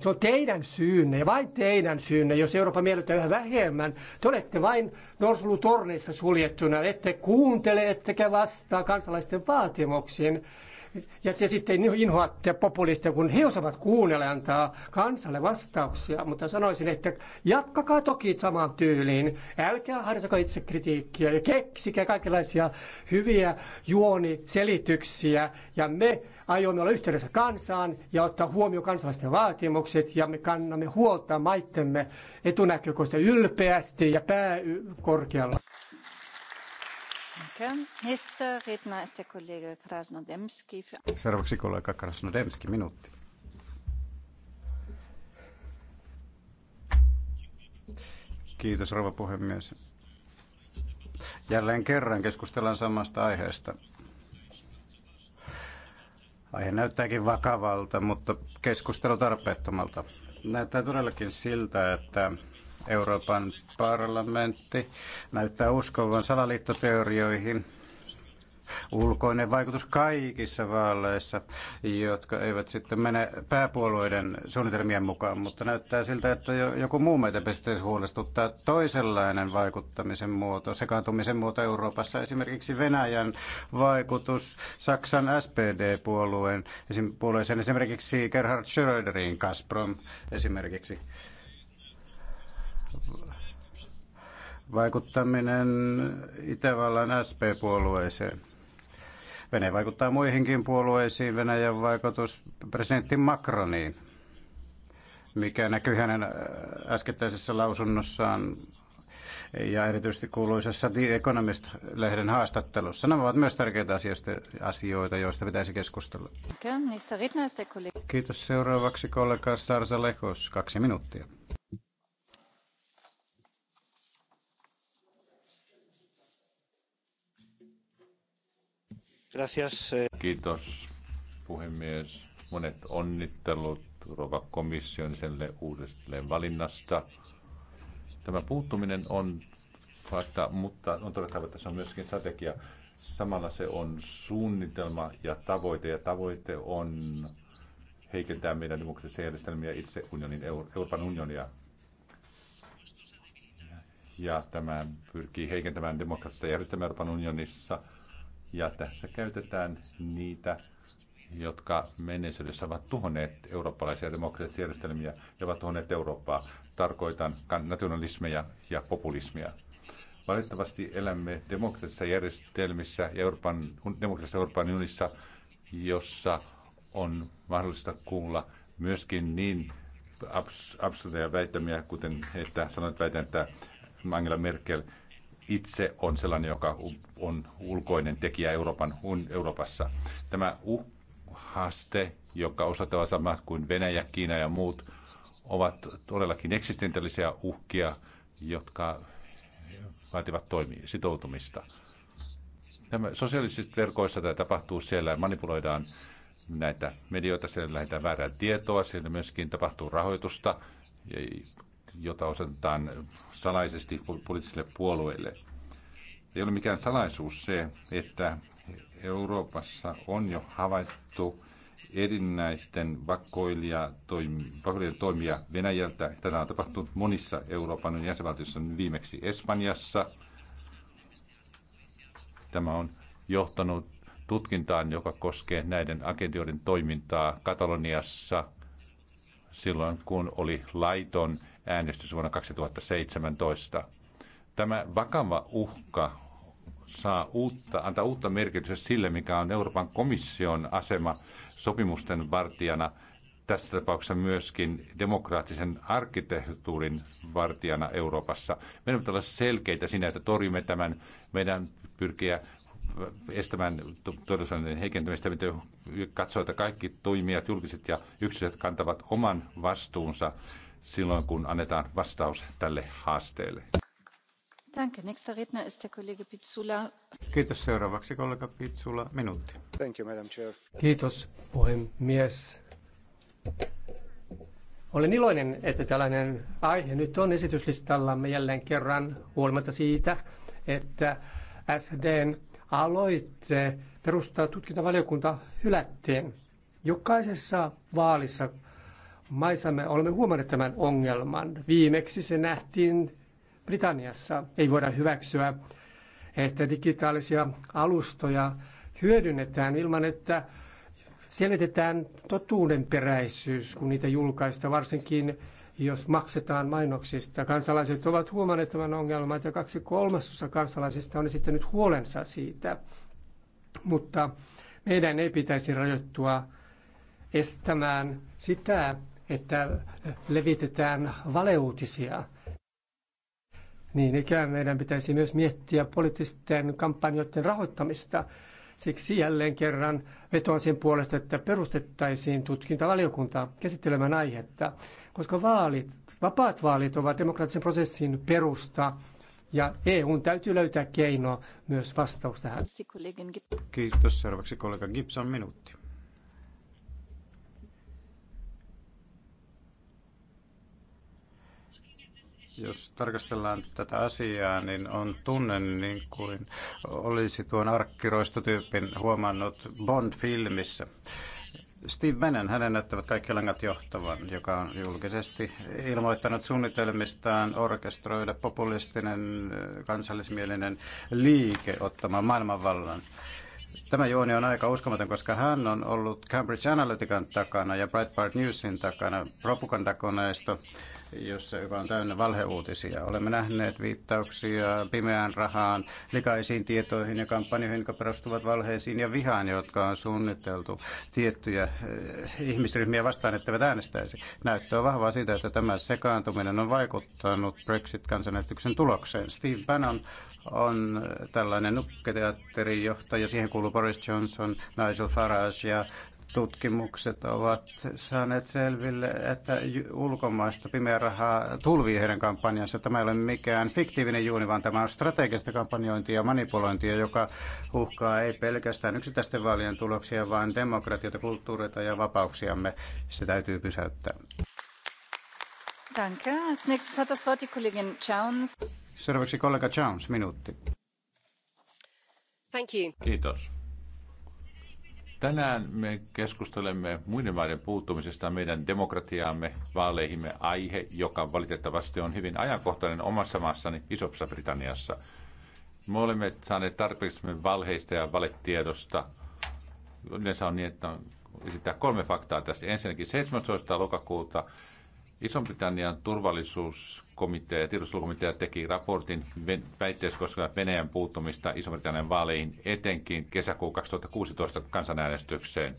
Se on teidän syynne ja vain teidän syynne, jos Eurooppa miellyttää yhä vähemmän. Te olette vain norsulutorneissa suljettuna, ette kuuntele, ettekä vastaa kansalaisten vaatimuksiin ja te sitten inhoatte populisteja, kun he osaavat kuunnella antaa kansalle vastauksia. Mutta sanoisin, että jatkakaa toki samaan tyyliin. Älkää harjoitako itse kritiikkiä ja keksikää kaikenlaisia hyviä juoniselityksiä. Ja me aiomme olla yhteydessä kansaan ja ottaa huomioon kansalaisten vaatimukset. Ja me kannamme huolta maittemme etunäkökoista ylpeästi ja pää korkealla. Seuraavaksi kollega Krasnodemski, minuutti. Kiitos rouva puhemies. Jälleen kerran keskustellaan samasta aiheesta. Aihe näyttääkin vakavalta, mutta keskustelu tarpeettomalta. Näyttää todellakin siltä, että Euroopan parlamentti näyttää uskovan salaliittoteorioihin. Ulkoinen vaikutus kaikissa vaaleissa, jotka eivät sitten mene pääpuolueiden suunnitelmien mukaan, mutta näyttää siltä, että joku muu meitä pisteessä huolestuttaa toisenlainen vaikuttamisen muoto, sekaantumisen muoto Euroopassa. Esimerkiksi Venäjän vaikutus Saksan SPD-puolueen puolueeseen, esimerkiksi Gerhard Schröderin Gazprom esimerkiksi vaikuttaminen Itävallan SP-puolueeseen. Venäjä vaikuttaa muihinkin puolueisiin, Venäjän vaikutus presidentti Macroniin, mikä näkyy hänen äh, äskettäisessä lausunnossaan ja erityisesti kuuluisessa The Economist-lehden haastattelussa. Nämä ovat myös tärkeitä asioista, asioita, joista pitäisi keskustella. Kiitos seuraavaksi kollega Sarsa Lehos, kaksi minuuttia. Gracias. Eh. Kiitos puhemies. Monet onnittelut rouva komission senlle uudelleen valinnasta. Tämä puuttuminen on fakta, mutta on todettava, että se on myöskin strategia. Samalla se on suunnitelma ja tavoite, ja tavoite on heikentää meidän demokraattisia järjestelmiä itse unionin, Euroopan unionia. Ja tämä pyrkii heikentämään demokraattista järjestelmää Euroopan unionissa – ja tässä käytetään niitä, jotka menneisyydessä ovat tuhonneet eurooppalaisia demokraattisia järjestelmiä ja ovat tuhonneet Eurooppaa. Tarkoitan nationalismeja ja populismia. Valitettavasti elämme demokraattisissa järjestelmissä ja Euroopan, demokraattisessa Euroopan unionissa, jossa on mahdollista kuulla myöskin niin abs, absurdeja väittämiä, kuten että sanoit väitän, että Angela Merkel – itse on sellainen, joka on ulkoinen tekijä Euroopan, Euroopassa. Tämä haaste, joka osoittavat sama kuin Venäjä, Kiina ja muut, ovat todellakin eksistentiaalisia uhkia, jotka vaativat toimia, sitoutumista. Tämä sosiaalisissa verkoissa tämä tapahtuu siellä, manipuloidaan näitä medioita, siellä lähdetään väärää tietoa, siellä myöskin tapahtuu rahoitusta, jota osoitetaan salaisesti poliittisille puolueille. Ei ole mikään salaisuus se, että Euroopassa on jo havaittu erinäisten vakoilijoiden toimia Venäjältä. Tätä on tapahtunut monissa Euroopan jäsenvaltioissa, viimeksi Espanjassa. Tämä on johtanut tutkintaan, joka koskee näiden agentioiden toimintaa Kataloniassa silloin, kun oli laiton äänestys vuonna 2017. Tämä vakava uhka saa uutta, antaa uutta merkitystä sille, mikä on Euroopan komission asema sopimusten vartijana, tässä tapauksessa myöskin demokraattisen arkkitehtuurin vartijana Euroopassa. Meidän pitää olla selkeitä siinä, että torjumme tämän, meidän pyrkiä estämään todellisuuden heikentämistä, mitä katsoo, että kaikki toimijat, julkiset ja yksityiset kantavat oman vastuunsa silloin, kun annetaan vastaus tälle haasteelle. Danke. Nächster Redner ist der Kollege Pizzula. Kiitos. Seuraavaksi kollega Pizzula, minuutti. Thank you, Madam Chair. Kiitos, puhemies. Olen iloinen, että tällainen aihe nyt on esityslistallamme jälleen kerran huolimatta siitä, että SDn aloitte perustaa tutkintavaliokunta hylättiin. Jokaisessa vaalissa maissamme olemme huomanneet tämän ongelman. Viimeksi se nähtiin Britanniassa. Ei voida hyväksyä, että digitaalisia alustoja hyödynnetään ilman, että selvitetään totuudenperäisyys, kun niitä julkaistaan, varsinkin jos maksetaan mainoksista. Kansalaiset ovat huomanneet tämän ongelman, ja kaksi kolmasosa kansalaisista on esittänyt huolensa siitä. Mutta meidän ei pitäisi rajoittua estämään sitä, että levitetään valeuutisia. Niin ikään meidän pitäisi myös miettiä poliittisten kampanjoiden rahoittamista. Siksi jälleen kerran vetoan sen puolesta, että perustettaisiin tutkintavaliokunta käsittelemään aihetta, koska vaalit, vapaat vaalit ovat demokraattisen prosessin perusta ja EUn täytyy löytää keino myös vastaus tähän. Kiitos. Seuraavaksi kollega Gibson minuutti. Jos tarkastellaan tätä asiaa, niin on tunne niin kuin olisi tuon arkkiroistotyypin huomannut Bond-filmissä. Steve Bannon, hänen näyttävät kaikki langat johtavan, joka on julkisesti ilmoittanut suunnitelmistaan orkestroida populistinen kansallismielinen liike ottamaan maailmanvallan. Tämä juoni on aika uskomaton, koska hän on ollut Cambridge Analytican takana ja Breitbart Newsin takana propagandakoneisto jossa joka on täynnä valheuutisia. Olemme nähneet viittauksia pimeään rahaan, likaisiin tietoihin ja kampanjoihin, jotka perustuvat valheisiin ja vihaan, jotka on suunniteltu tiettyjä eh, ihmisryhmiä vastaan, etteivät äänestäisi. Näyttö on vahvaa siitä, että tämä sekaantuminen on vaikuttanut Brexit-kansanäytöksen tulokseen. Steve Bannon on tällainen johtaja. siihen kuuluu Boris Johnson, Nigel Farage ja tutkimukset ovat saaneet selville, että ulkomaista pimeä rahaa tulvii heidän kampanjansa. Tämä ei ole mikään fiktiivinen juuni, vaan tämä on strategista kampanjointia ja manipulointia, joka uhkaa ei pelkästään yksittäisten vaalien tuloksia, vaan demokratiota, kulttuureita ja vapauksiamme. Se täytyy pysäyttää. Danke. Als nächstes hat das Wort die Kollegin Jones. Seuraavaksi kollega Jones, minuutti. Thank you. Kiitos Tänään me keskustelemme muiden maiden puuttumisesta meidän demokratiaamme, vaaleihimme aihe, joka valitettavasti on hyvin ajankohtainen omassa maassani Isossa Britanniassa. Me olemme saaneet tarpeeksi valheista ja valetiedosta. Yleensä on niin, että on esittää kolme faktaa tästä. Ensinnäkin 17. lokakuuta Iso-Britannian turvallisuuskomitea ja tiedustelukomitea teki raportin väitteessä koskevat Venäjän puuttumista Iso-Britannian vaaleihin, etenkin kesäkuun 2016 kansanäänestykseen.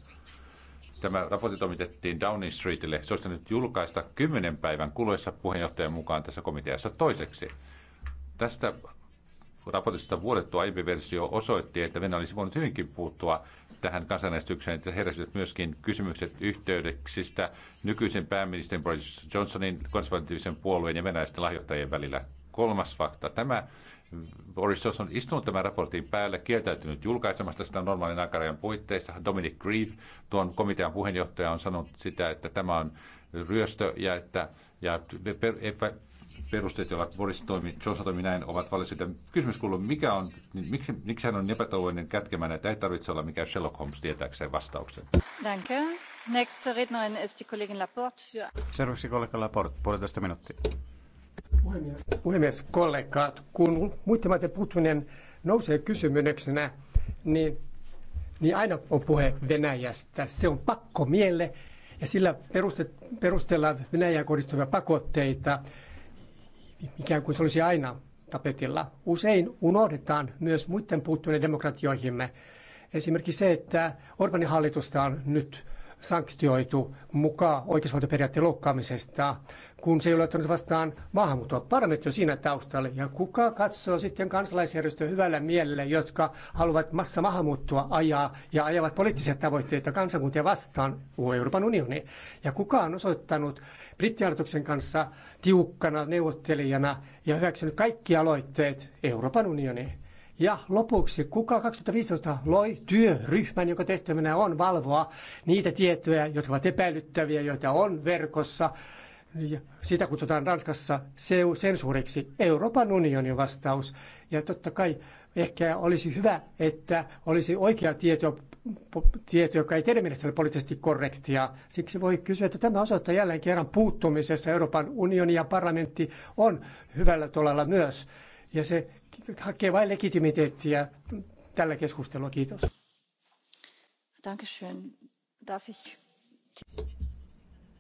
Tämä raportti toimitettiin Downing Streetille. Se olisi nyt julkaista kymmenen päivän kuluessa puheenjohtajan mukaan tässä komiteassa toiseksi. Tästä raportista vuodettu aiempi versio osoitti, että Venäjä olisi voinut hyvinkin puuttua tähän kansanäänestykseen, että heräsivät myöskin kysymykset yhteydeksistä nykyisen pääministerin Boris Johnsonin konservatiivisen puolueen ja venäläisten lahjoittajien välillä. Kolmas fakta. Tämä Boris Johnson on istunut tämän raportin päälle, kieltäytynyt julkaisemasta sitä normaalin aikarajan puitteissa. Dominic Grieve, tuon komitean puheenjohtaja, on sanonut sitä, että tämä on ryöstö ja että ja perusteet, joilla Boris toimi, Johnson toimi näin, ovat valistunut. Kysymys kuuluu, mikä on, niin miksi, miksi hän on epätoivoinen kätkemään, että ei tarvitse olla mikään Sherlock Holmes tietääkseen vastauksen. Danke. Next Rednerin is die Kollegin Laporte. Für... Seuraavaksi kollega Laporte, puolitoista minuuttia. Puhemies, puhemies kollegat, kun muiden maiden puuttuminen nousee kysymyksenä, niin, niin aina on puhe Venäjästä. Se on pakko mielle ja sillä peruste, perustellaan Venäjään kohdistuvia pakotteita ikään kuin se olisi aina tapetilla. Usein unohdetaan myös muiden puuttuneiden demokratioihimme. Esimerkiksi se, että Orbanin hallitusta on nyt sanktioitu mukaan oikeusvaltioperiaatteen loukkaamisesta, kun se ei ole ottanut vastaan maahanmuuttoa. Parlamentti on siinä taustalla. Ja kuka katsoo sitten kansalaisjärjestöä hyvällä mielellä, jotka haluavat massa maahanmuuttoa ajaa ja ajavat poliittisia tavoitteita kansakuntia vastaan Euroopan unioni? Ja kuka on osoittanut brittihallituksen kanssa tiukkana neuvottelijana ja hyväksynyt kaikki aloitteet Euroopan unioniin? Ja lopuksi, kuka 2015 loi työryhmän, jonka tehtävänä on valvoa niitä tietoja, jotka ovat epäilyttäviä, joita on verkossa. Sitä kutsutaan Ranskassa sensuuriksi Euroopan unionin vastaus. Ja totta kai ehkä olisi hyvä, että olisi oikea tieto, tieto joka ei teidän mielestä ole poliittisesti korrektia. Siksi voi kysyä, että tämä osoittaa jälleen kerran puuttumisessa. Euroopan unioni ja parlamentti on hyvällä tolalla myös. Ja se hakee vain legitimiteettiä tällä keskustelulla. Kiitos. Dankeschön. Darf ich...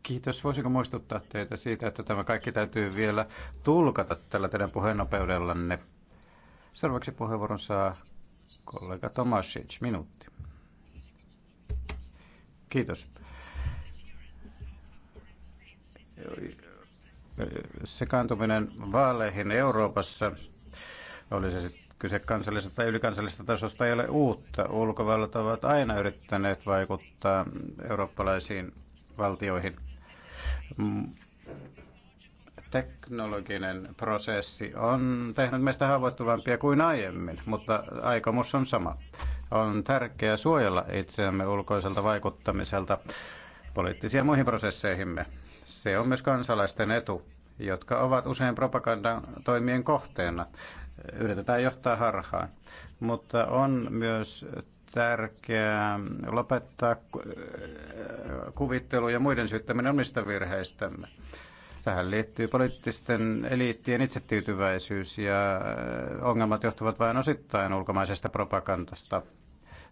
Kiitos. Voisiko muistuttaa teitä siitä, että tämä kaikki täytyy vielä tulkata tällä teidän puheenopeudellanne. Seuraavaksi puheenvuoron saa kollega Tomasic, minuutti. Kiitos. Sekaantuminen vaaleihin Euroopassa oli se sitten kyse kansallisesta tai ylikansallisesta tasosta ei ole uutta. Ulkovallat ovat aina yrittäneet vaikuttaa eurooppalaisiin valtioihin. Mm. Teknologinen prosessi on tehnyt meistä haavoittuvampia kuin aiemmin, mutta aikomus on sama. On tärkeää suojella itseämme ulkoiselta vaikuttamiselta poliittisiin ja muihin prosesseihimme. Se on myös kansalaisten etu, jotka ovat usein propagandan toimien kohteena yritetään johtaa harhaan. Mutta on myös tärkeää lopettaa kuvittelu ja muiden syyttäminen omista virheistämme. Tähän liittyy poliittisten eliittien itsetyytyväisyys ja äh, ongelmat johtuvat vain osittain ulkomaisesta propagandasta.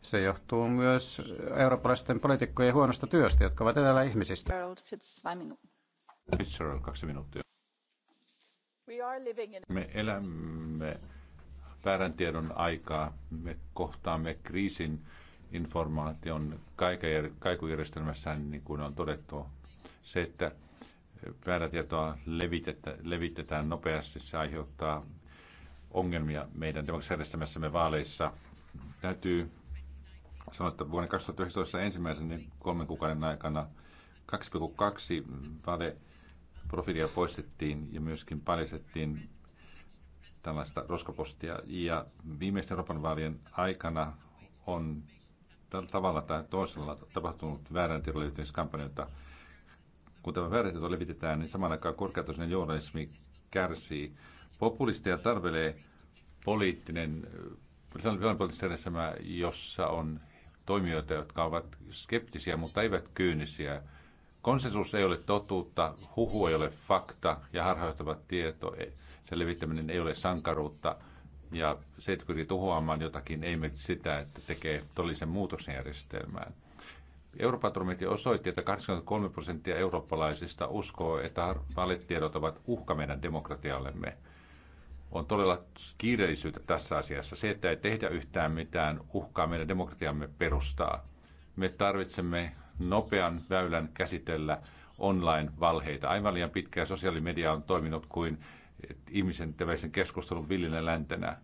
Se johtuu myös eurooppalaisten poliitikkojen huonosta työstä, jotka ovat edellä ihmisistä. Fitzgerald, kaksi minuuttia. Me elämme väärän tiedon aikaa. Me kohtaamme kriisin informaation kaikujärjestelmässä, niin kuin on todettu. Se, että väärätietoa tietoa levitetään nopeasti, se aiheuttaa ongelmia meidän demokratiajärjestelmässämme vaaleissa. Täytyy sanoa, että vuoden 2019 ensimmäisen kolmen kuukauden aikana 2,2 vale profiilia poistettiin ja myöskin paljastettiin tällaista roskapostia. Ja viimeisten Euroopan vaalien aikana on tavalla tai toisella tapahtunut väärän tiedon Kun tämä väärä tieto levitetään, niin samaan aikaan korkeatasoinen journalismi kärsii. Populisteja tarvelee poliittinen, poliittinen järjestelmä, jossa on toimijoita, jotka ovat skeptisiä, mutta eivät kyynisiä – Konsensus ei ole totuutta, huhu ei ole fakta ja harhaistava tieto, e- sen levittäminen ei ole sankaruutta. Ja se, että pyrii tuhoamaan jotakin, ei merkitse sitä, että tekee todellisen muutoksen järjestelmään. Europatrometti osoitti, että 83 prosenttia eurooppalaisista uskoo, että valetiedot ovat uhka meidän demokratiallemme. On todella kiireellisyyttä tässä asiassa. Se, että ei tehdä yhtään mitään, uhkaa meidän demokratiamme perustaa. Me tarvitsemme nopean väylän käsitellä online-valheita. Aivan liian pitkään sosiaalimedia on toiminut kuin ihmisen keskustelun villinä läntenä.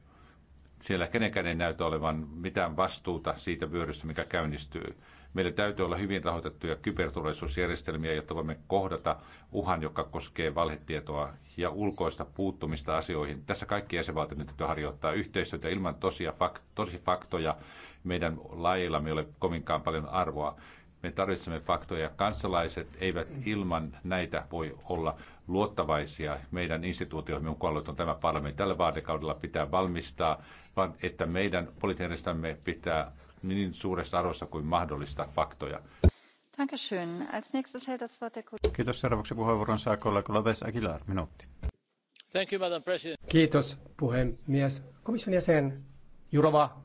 Siellä kenenkään ei näytä olevan mitään vastuuta siitä vyörystä, mikä käynnistyy. Meillä täytyy olla hyvin rahoitettuja kyberturvallisuusjärjestelmiä, jotta voimme kohdata uhan, joka koskee valhetietoa ja ulkoista puuttumista asioihin. Tässä kaikki jäsenvaltiot täytyy harjoittaa yhteistyötä ilman tosia fak- tosi faktoja. Meidän lailla ei ole kovinkaan paljon arvoa. Me tarvitsemme faktoja. Kansalaiset eivät ilman näitä voi olla luottavaisia meidän instituutioihin, mukaan on tämä parlamentti. Tällä vaadekaudella pitää valmistaa, vaan että meidän politiikastamme pitää niin suuressa arvossa kuin mahdollista faktoja. Kiitos. Seuraavaksi puheenvuoron saa kollega Loves Aguilar. Minuutti. Thank you, Madam President. Kiitos puhemies. Komission jäsen Jurova.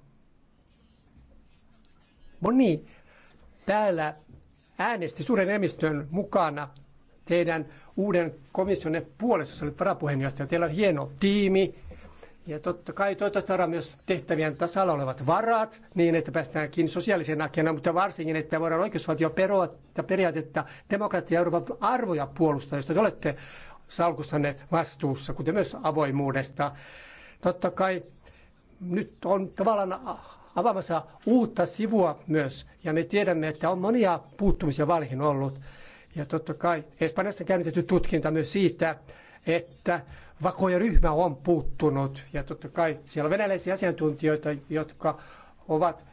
Moni täällä äänesti suuren enemmistön mukana teidän uuden komissionne puolesta, jos olet varapuheenjohtaja. Teillä on hieno tiimi ja totta kai toivottavasti saadaan myös tehtävien tasalla olevat varat niin, että päästäänkin sosiaalisen agendaan, mutta varsinkin, että voidaan oikeusvaltio ja periaatetta demokratia ja Euroopan arvoja puolustaa, josta te olette salkussanne vastuussa, kuten myös avoimuudesta. Totta kai nyt on tavallaan avaamassa uutta sivua myös. Ja me tiedämme, että on monia puuttumisia vaaleihin ollut. Ja totta kai Espanjassa on käynnitetty tutkinta myös siitä, että vakoja ryhmä on puuttunut. Ja totta kai siellä on venäläisiä asiantuntijoita, jotka ovat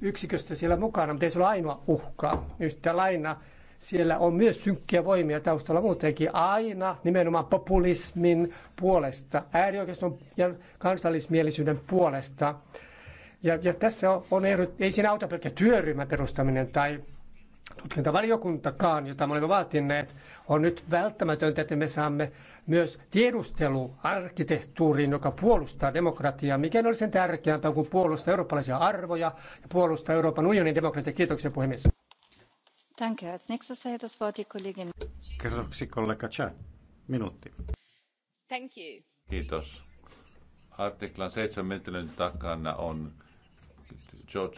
yksiköstä siellä mukana, mutta ei se ole ainoa uhka. Yhtä laina siellä on myös synkkiä voimia taustalla muutenkin aina nimenomaan populismin puolesta, äärioikeiston ja kansallismielisyyden puolesta. Ja, ja tässä on ehdot, ei siinä auta pelkkä työryhmän perustaminen tai tutkintavaliokuntakaan, jota me olemme vaatineet, on nyt välttämätöntä, että me saamme myös tiedusteluarkkitehtuuriin, joka puolustaa demokratiaa. Mikä olisi sen tärkeämpää kuin puolustaa eurooppalaisia arvoja ja puolustaa Euroopan unionin demokratiaa. Kiitoksia puhemies. Danke. Als nächstes erhält das Wort die Kollegin. kollega Cha. Minuutti. Thank you. Kiitos. Artiklan 7 menettelyn takana on George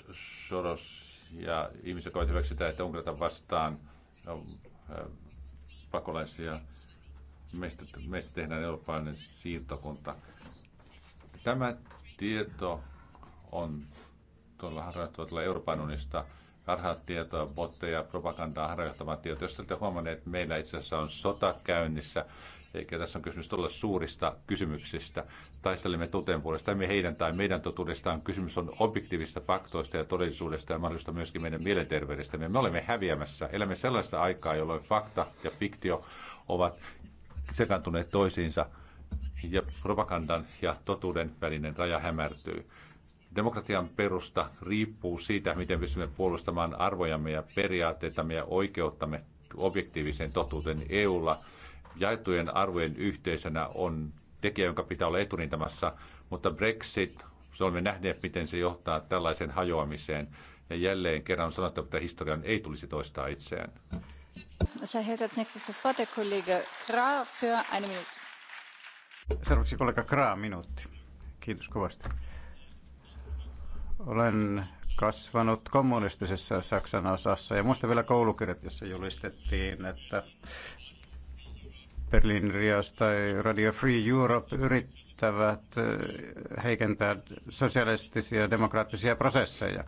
Soros ja ihmiset, jotka ovat hyväksi sitä, että Unkarita vastaan no, äh, pakolaisia. Meistä, meistä tehdään eurooppalainen siirtokunta. Tämä tieto on tuolla harjoittavalla Euroopan unista harhaat tietoa, botteja, propagandaa, harjoittavaa tietoa. Jos olette huomanneet, että meillä itse asiassa on sota käynnissä eikä tässä on kysymys todella suurista kysymyksistä. Taistelemme toteen puolesta, emme heidän tai meidän totuudestaan. Kysymys on objektiivista faktoista ja todellisuudesta ja mahdollista myöskin meidän mielenterveydestä, Me olemme häviämässä. Elämme sellaista aikaa, jolloin fakta ja fiktio ovat sekantuneet toisiinsa ja propagandan ja totuuden välinen raja hämärtyy. Demokratian perusta riippuu siitä, miten pystymme puolustamaan arvojamme ja periaatteitamme ja oikeuttamme objektiiviseen totuuteen. EUlla jaettujen arvojen yhteisönä on tekijä, jonka pitää olla eturintamassa, mutta Brexit, se olemme nähneet, miten se johtaa tällaiseen hajoamiseen. Ja jälleen kerran on sanottu, että historian ei tulisi toistaa itseään. Seuraavaksi kollega Kraa, minuutti. Kiitos kovasti. Olen kasvanut kommunistisessa Saksan osassa ja muista vielä koulukirjat, jossa julistettiin, että Berliin Rias tai Radio Free Europe yrittävät eh, heikentää sosialistisia demokraattisia prosesseja.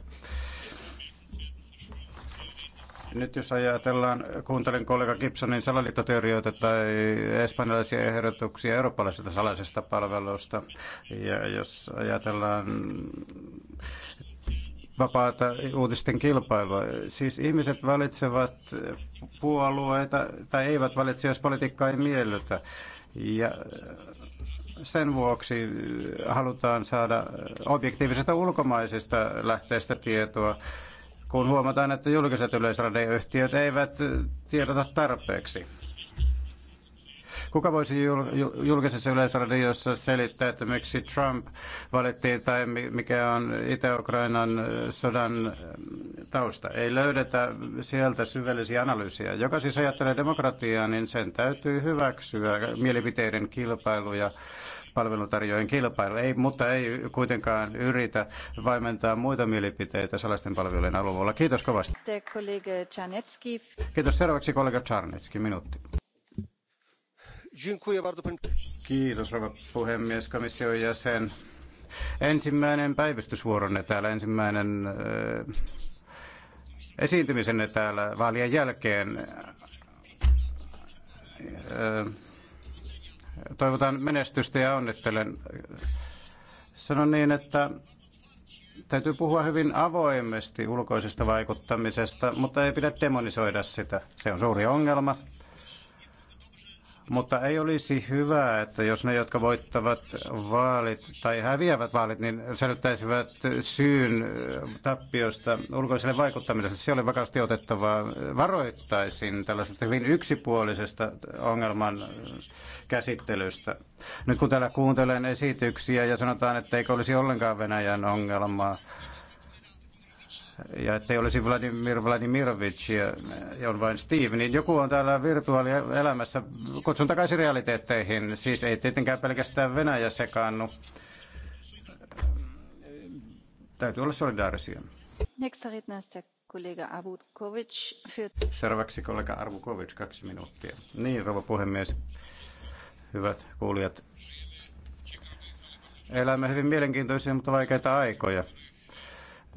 Nyt jos ajatellaan, kuuntelen kollega Gibsonin salaliittoteorioita tai espanjalaisia ehdotuksia eurooppalaisesta salaisesta palvelusta, ja jos ajatellaan vapaata uutisten kilpailua. Siis ihmiset valitsevat puolueita tai eivät valitse, jos politiikka ei miellytä. Ja sen vuoksi halutaan saada objektiivisesta ulkomaisista lähteestä tietoa, kun huomataan, että julkiset yleisradioyhtiöt eivät tiedota tarpeeksi. Kuka voisi julkisessa yleisradiossa selittää, että miksi Trump valittiin tai mikä on Itä-Ukrainan sodan tausta? Ei löydetä sieltä syvällisiä analyysiä. Joka siis ajattelee demokratiaa, niin sen täytyy hyväksyä mielipiteiden kilpailu ja palveluntarjoajien kilpailu, ei, mutta ei kuitenkaan yritä vaimentaa muita mielipiteitä salaisten palvelujen alueella. Kiitos kovasti. Kiitos seuraavaksi kollega Czarnecki, minuutti Kiitos, rouva puhemies, komission jäsen. Ensimmäinen päivystysvuoronne täällä, ensimmäinen äh, esiintymisenne täällä vaalien jälkeen. Äh, toivotan menestystä ja onnittelen. Sanon niin, että täytyy puhua hyvin avoimesti ulkoisesta vaikuttamisesta, mutta ei pidä demonisoida sitä. Se on suuri ongelma mutta ei olisi hyvä, että jos ne, jotka voittavat vaalit tai häviävät vaalit, niin selittäisivät syyn tappiosta ulkoiselle vaikuttamiselle. Se oli vakavasti otettavaa. Varoittaisin tällaisesta hyvin yksipuolisesta ongelman käsittelystä. Nyt kun täällä kuuntelen esityksiä ja sanotaan, että eikö olisi ollenkaan Venäjän ongelmaa, ja ettei olisi Vladimir Vladimirovich ja, ja on vain Steve, niin joku on täällä virtuaalielämässä. Kutsun takaisin realiteetteihin. Siis ei tietenkään pelkästään Venäjä sekaannu. Täytyy olla solidaarisia. Kollega Seuraavaksi kollega Arvukovic, kaksi minuuttia. Niin, rouva puhemies. Hyvät kuulijat. Elämme hyvin mielenkiintoisia, mutta vaikeita aikoja.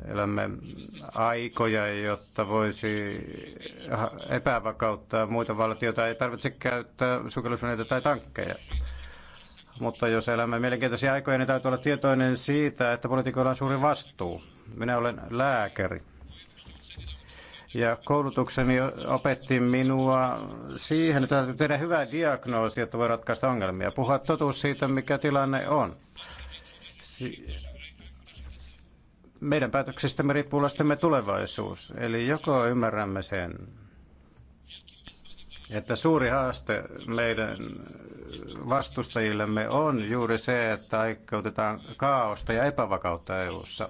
Elämme aikoja, jotta voisi epävakauttaa muita valtioita. Ei tarvitse käyttää sukellusveneitä tai tankkeja. Mutta jos elämme mielenkiintoisia aikoja, niin täytyy olla tietoinen siitä, että poliitikoilla on suuri vastuu. Minä olen lääkäri. Ja koulutukseni opetti minua siihen, että täytyy tehdä hyvää diagnoosia, että voi ratkaista ongelmia. Puhua totuus siitä, mikä tilanne on meidän päätöksistämme riippuu lastemme tulevaisuus. Eli joko ymmärrämme sen, että suuri haaste meidän vastustajillemme on juuri se, että aikeutetaan kaaosta ja epävakautta EU-ssa.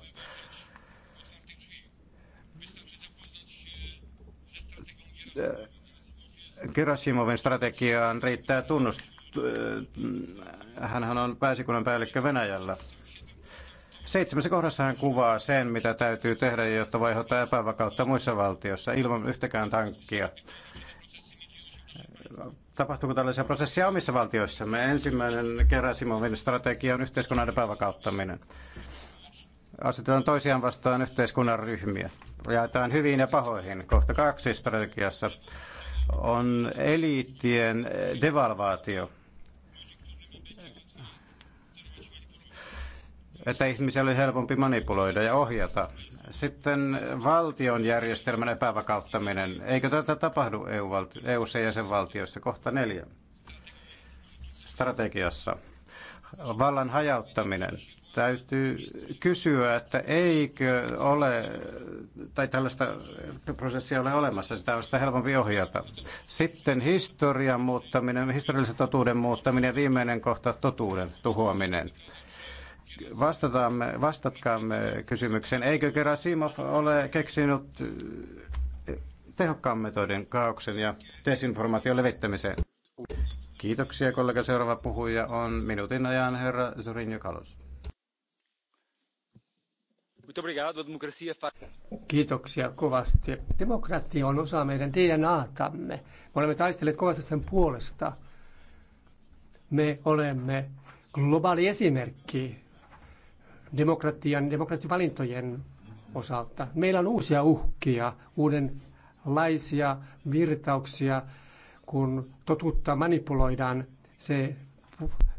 Gerasimovin strategiaan riittää tunnust. Äh, hänhän on pääsikunnan päällikkö Venäjällä. Seitsemässä kohdassa hän kuvaa sen, mitä täytyy tehdä, jotta voi aiheuttaa epävakautta muissa valtioissa ilman yhtäkään tankkia. Tapahtuuko tällaisia prosesseja omissa valtioissamme? Ensimmäinen Gerasimovin strategia on yhteiskunnan epävakauttaminen. Asetetaan toisiaan vastaan yhteiskunnan ryhmiä. Jaetaan hyviin ja pahoihin. Kohta kaksi strategiassa on eliittien devalvaatio – että ihmisiä oli helpompi manipuloida ja ohjata. Sitten valtion järjestelmän epävakauttaminen. Eikö tätä tapahdu EU-valti- eu jäsenvaltioissa kohta neljä strategiassa? Vallan hajauttaminen. Täytyy kysyä, että eikö ole, tai tällaista prosessia ole olemassa, sitä on sitä helpompi ohjata. Sitten historian muuttaminen, historiallisen totuuden muuttaminen ja viimeinen kohta totuuden tuhoaminen vastataamme, vastatkaamme kysymykseen, eikö Gerasimov ole keksinyt eh, tehokkaan metodin kaauksen ja desinformaation levittämiseen? Kiitoksia kollega. Seuraava puhuja on minuutin ajan herra Zorinjo Kalos. Kiitoksia kovasti. Demokratia on osa meidän DNAtamme. Me olemme taistelleet kovasti sen puolesta. Me olemme globaali esimerkki demokratian, demokratiavalintojen osalta. Meillä on uusia uhkia, uudenlaisia virtauksia, kun totuutta manipuloidaan. Se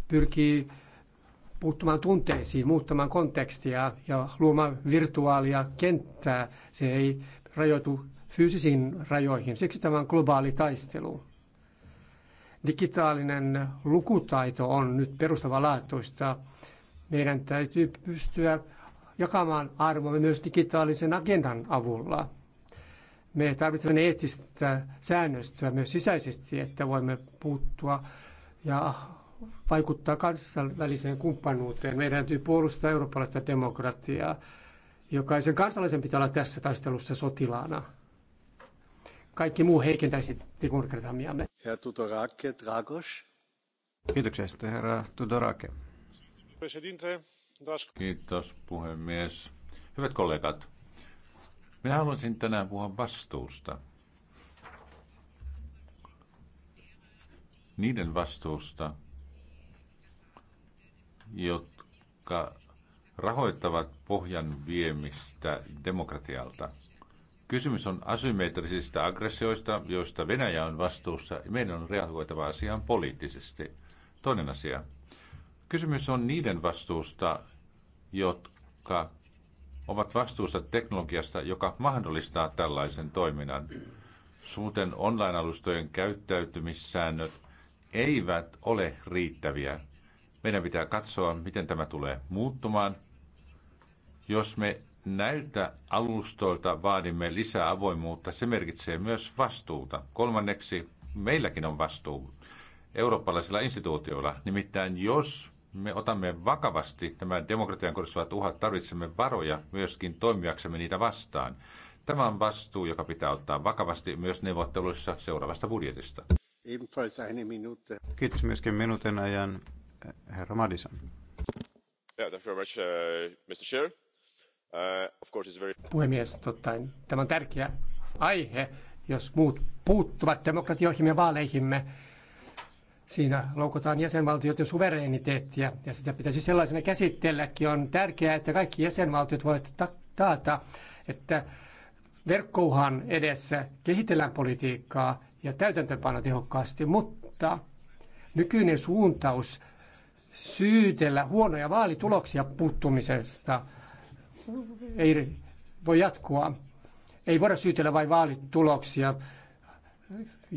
pyrkii puuttumaan tunteisiin, muuttamaan kontekstia ja luomaan virtuaalia kenttää. Se ei rajoitu fyysisiin rajoihin. Siksi tämä on globaali taistelu. Digitaalinen lukutaito on nyt perustavanlaatuista. Meidän täytyy pystyä jakamaan arvoa myös digitaalisen agendan avulla. Me tarvitsemme eettistä säännöstöä myös sisäisesti, että voimme puuttua ja vaikuttaa kansainväliseen kumppanuuteen. Meidän täytyy puolustaa eurooppalaista demokratiaa. Jokaisen kansalaisen pitää olla tässä taistelussa sotilaana. Kaikki muu heikentäisi demokratiamme. Herra Tudorake Dragos. Kiitoksia herra Tudorake. Kiitos puhemies. Hyvät kollegat, minä haluaisin tänään puhua vastuusta. Niiden vastuusta, jotka rahoittavat pohjan viemistä demokratialta. Kysymys on asymmetrisistä aggressioista, joista Venäjä on vastuussa. ja Meidän on reagoitava asiaan poliittisesti. Toinen asia. Kysymys on niiden vastuusta, jotka ovat vastuussa teknologiasta, joka mahdollistaa tällaisen toiminnan. Suuten online-alustojen käyttäytymissäännöt eivät ole riittäviä. Meidän pitää katsoa, miten tämä tulee muuttumaan. Jos me näiltä alustoilta vaadimme lisää avoimuutta, se merkitsee myös vastuuta. Kolmanneksi, meilläkin on vastuu eurooppalaisilla instituutioilla. Nimittäin jos me otamme vakavasti nämä demokratian kohdistuvat uhat, tarvitsemme varoja myöskin toimijaksemme niitä vastaan. Tämä on vastuu, joka pitää ottaa vakavasti myös neuvotteluissa seuraavasta budjetista. Kiitos myöskin minuutin ajan, herra Madison. Uh, uh, Puhemies, tottaen, tämä on tärkeä aihe, jos muut puuttuvat demokratioihimme ja vaaleihimme, Siinä loukutaan jäsenvaltioiden suvereniteettia ja sitä pitäisi sellaisena käsitelläkin. On tärkeää, että kaikki jäsenvaltiot voivat taata, että verkkouhan edessä kehitellään politiikkaa ja täytäntöpano tehokkaasti, mutta nykyinen suuntaus syytellä huonoja vaalituloksia puuttumisesta ei voi jatkua. Ei voida syytellä vain vaalituloksia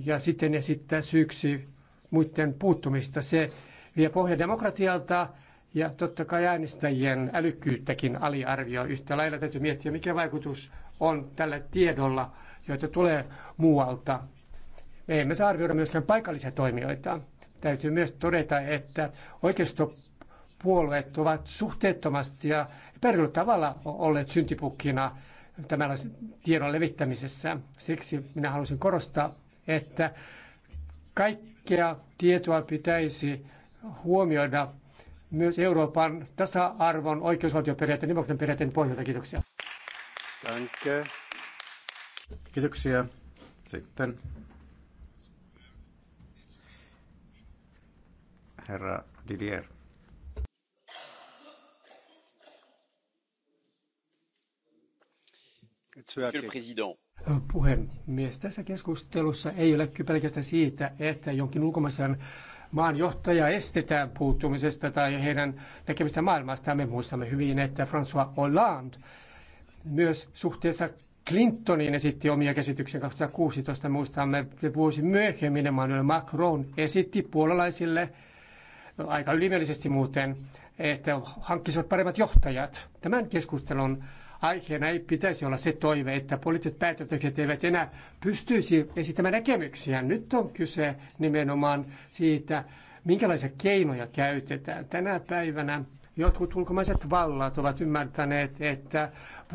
ja sitten esittää syyksi muiden puuttumista. Se vie pohja demokratialta ja totta kai äänestäjien älykkyyttäkin aliarvioi. Yhtä lailla täytyy miettiä, mikä vaikutus on tällä tiedolla, joita tulee muualta. Me emme saa arvioida myöskään paikallisia toimijoita. Täytyy myös todeta, että oikeistopuolueet ovat suhteettomasti ja perillä tavalla olleet syntipukkina tämän tiedon levittämisessä. Siksi minä haluaisin korostaa, että kaikki kaikkea tietoa pitäisi huomioida myös Euroopan tasa-arvon, oikeusvaltioperiaatteen ja demokratian periaatteen pohjalta. Kiitoksia. Danke. Kiitoksia. Sitten herra Didier. Monsieur le Président, Puhemies, tässä keskustelussa ei ole pelkästään siitä, että jonkin ulkomaisen maan johtaja estetään puuttumisesta tai heidän näkemistä maailmasta. Me muistamme hyvin, että François Hollande myös suhteessa Clintonin esitti omia käsityksiä 2016. Muistamme vuosi myöhemmin Emmanuel Macron esitti puolalaisille aika ylimielisesti muuten, että hankkisivat paremmat johtajat. Tämän keskustelun aiheena ei pitäisi olla se toive, että poliittiset päätökset eivät enää pystyisi esittämään näkemyksiä. Nyt on kyse nimenomaan siitä, minkälaisia keinoja käytetään. Tänä päivänä jotkut ulkomaiset vallat ovat ymmärtäneet, että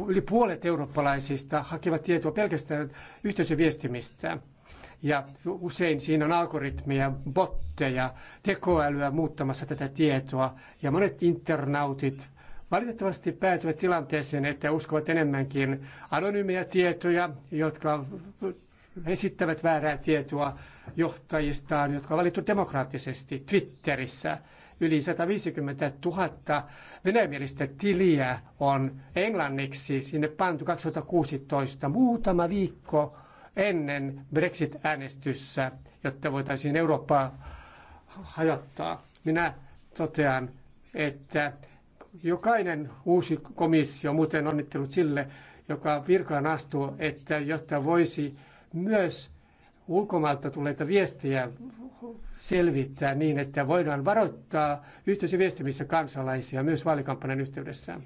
yli puolet eurooppalaisista hakevat tietoa pelkästään yhteisöviestimistä. Ja usein siinä on algoritmeja, botteja, tekoälyä muuttamassa tätä tietoa. Ja monet internautit valitettavasti päätyvät tilanteeseen, että uskovat enemmänkin anonyymiä tietoja, jotka esittävät väärää tietoa johtajistaan, jotka on valittu demokraattisesti Twitterissä. Yli 150 000 venäjämielistä tiliä on englanniksi sinne pantu 2016 muutama viikko ennen Brexit-äänestyssä, jotta voitaisiin Eurooppaa hajottaa. Minä totean, että jokainen uusi komissio, muuten onnittelut sille, joka virkaan astuu, että jotta voisi myös ulkomailta tulleita viestejä selvittää niin, että voidaan varoittaa yhteisön viestimissä kansalaisia myös vaalikampanjan yhteydessä.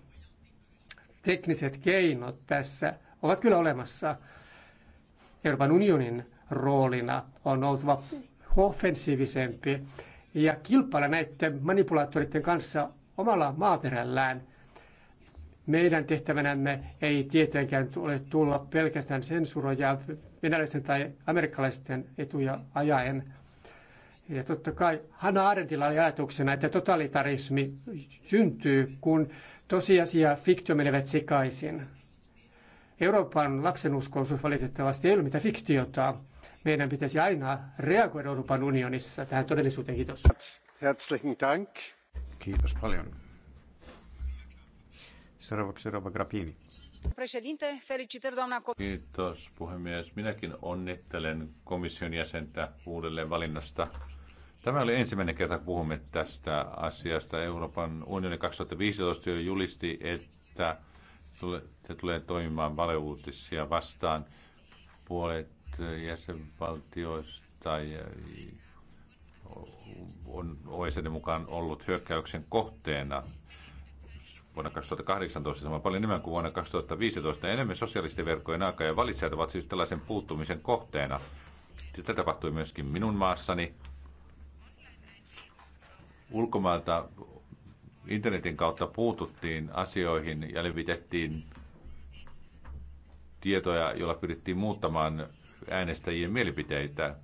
Tekniset keinot tässä ovat kyllä olemassa. Euroopan unionin roolina on oltava offensiivisempi ja kilpailla näiden manipulaattoreiden kanssa omalla maaperällään. Meidän tehtävänämme ei tietenkään ole tulla pelkästään sensuroja venäläisten tai amerikkalaisten etuja ajaen. Ja totta kai Hanna Arendtilla oli ajatuksena, että totalitarismi syntyy, kun tosiasia fiktio menevät sekaisin. Euroopan lapsenuskoisuus valitettavasti ei ole mitään fiktiota. Meidän pitäisi aina reagoida Euroopan unionissa tähän todellisuuteen. Kiitos. Herzlichen Dank. Kiitos paljon. Seuraavaksi Rova Grappini. Kiitos puhemies. Minäkin onnittelen komission jäsentä uudelleen valinnasta. Tämä oli ensimmäinen kerta, kun puhumme tästä asiasta. Euroopan unioni 2015 jo julisti, että se tulee toimimaan valeuutisia vastaan. Puolet jäsenvaltioista on OECD mukaan ollut hyökkäyksen kohteena vuonna 2018 sama paljon enemmän kuin vuonna 2015. Enemmän sosialistiverkkojen aika ja valitsijat ovat siis tällaisen puuttumisen kohteena. Sitä tapahtui myöskin minun maassani. Ulkomailta internetin kautta puututtiin asioihin ja levitettiin tietoja, joilla pyrittiin muuttamaan äänestäjien mielipiteitä.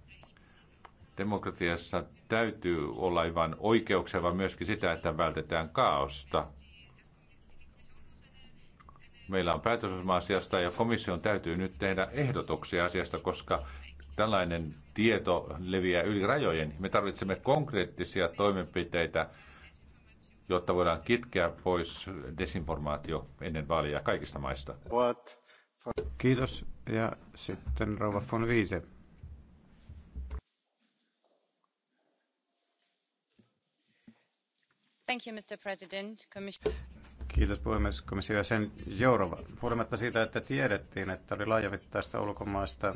Demokratiassa täytyy olla ihan vain oikeuksia, vaan myöskin sitä, että vältetään kaaosta. Meillä on päätösosma asiasta ja komission täytyy nyt tehdä ehdotuksia asiasta, koska tällainen tieto leviää yli rajojen. Me tarvitsemme konkreettisia toimenpiteitä, jotta voidaan kitkeä pois desinformaatio ennen vaaleja kaikista maista. Kiitos. Ja sitten rouva von Wiese. mr president Kiitos puhemies komission jäsen Jourova. Huolimatta siitä, että tiedettiin, että oli laajamittaista ulkomaista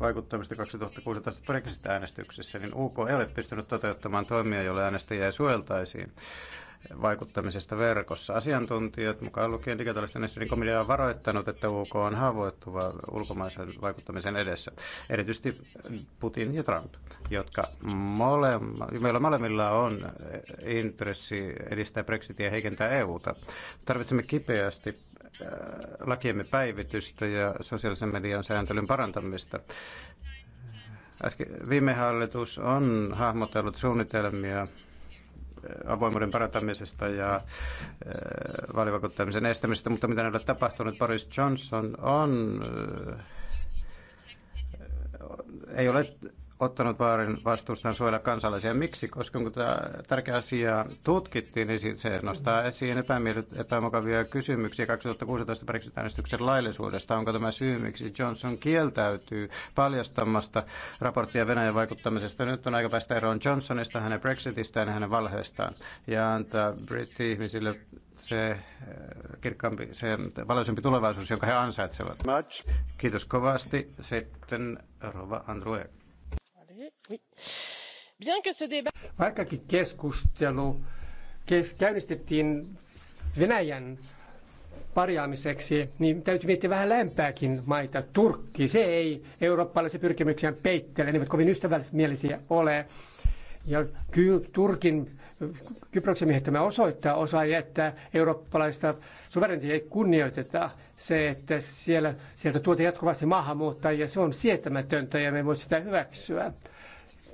vaikuttamista 2016 Brexit-äänestyksessä, niin UK ei ole pystynyt toteuttamaan toimia, joilla äänestäjiä suojeltaisiin vaikuttamisesta verkossa. Asiantuntijat, mukaan lukien digitaalisten asioiden komitea, on varoittanut, että UK on haavoittuva ulkomaisen vaikuttamisen edessä. Erityisesti Putin ja Trump, jotka molemmat, meillä molemmilla on intressi edistää Brexitia ja heikentää EUta. Tarvitsemme kipeästi äh, lakiemme päivitystä ja sosiaalisen median sääntelyn parantamista. Äsken, viime hallitus on hahmotellut suunnitelmia avoimuuden parantamisesta ja äh, vaalivakuuttamisen estämisestä, mutta mitä näillä tapahtunut, Boris Johnson on äh, ei ole ottanut vaarin vastuustaan suojella kansalaisia. Miksi? Koska kun tämä tärkeä asia tutkittiin, niin se nostaa esiin epämiellyt, epämukavia kysymyksiä 2016 brexit laillisuudesta. Onko tämä syy, miksi Johnson kieltäytyy paljastamasta raporttia Venäjän vaikuttamisesta? Nyt on aika päästä eroon Johnsonista, hänen Brexitistään ja hänen valheestaan ja antaa britti-ihmisille se eh, kirkkaampi, se valoisempi tulevaisuus, jonka he ansaitsevat. Kiitos kovasti. Sitten Rova Andrew. Vaikkakin keskustelu käynnistettiin Venäjän parjaamiseksi, niin täytyy miettiä vähän lämpääkin maita. Turkki, se ei eurooppalaisia pyrkimyksiä peittele, ne eivät kovin ystävällismielisiä ole. Ja kyllä Turkin Kyproksen miehittämä osoittaa osa, että eurooppalaista suvereniteettia ei kunnioiteta. Se, että siellä, sieltä tuotiin jatkuvasti maahanmuuttajia, se on sietämätöntä ja me ei voi sitä hyväksyä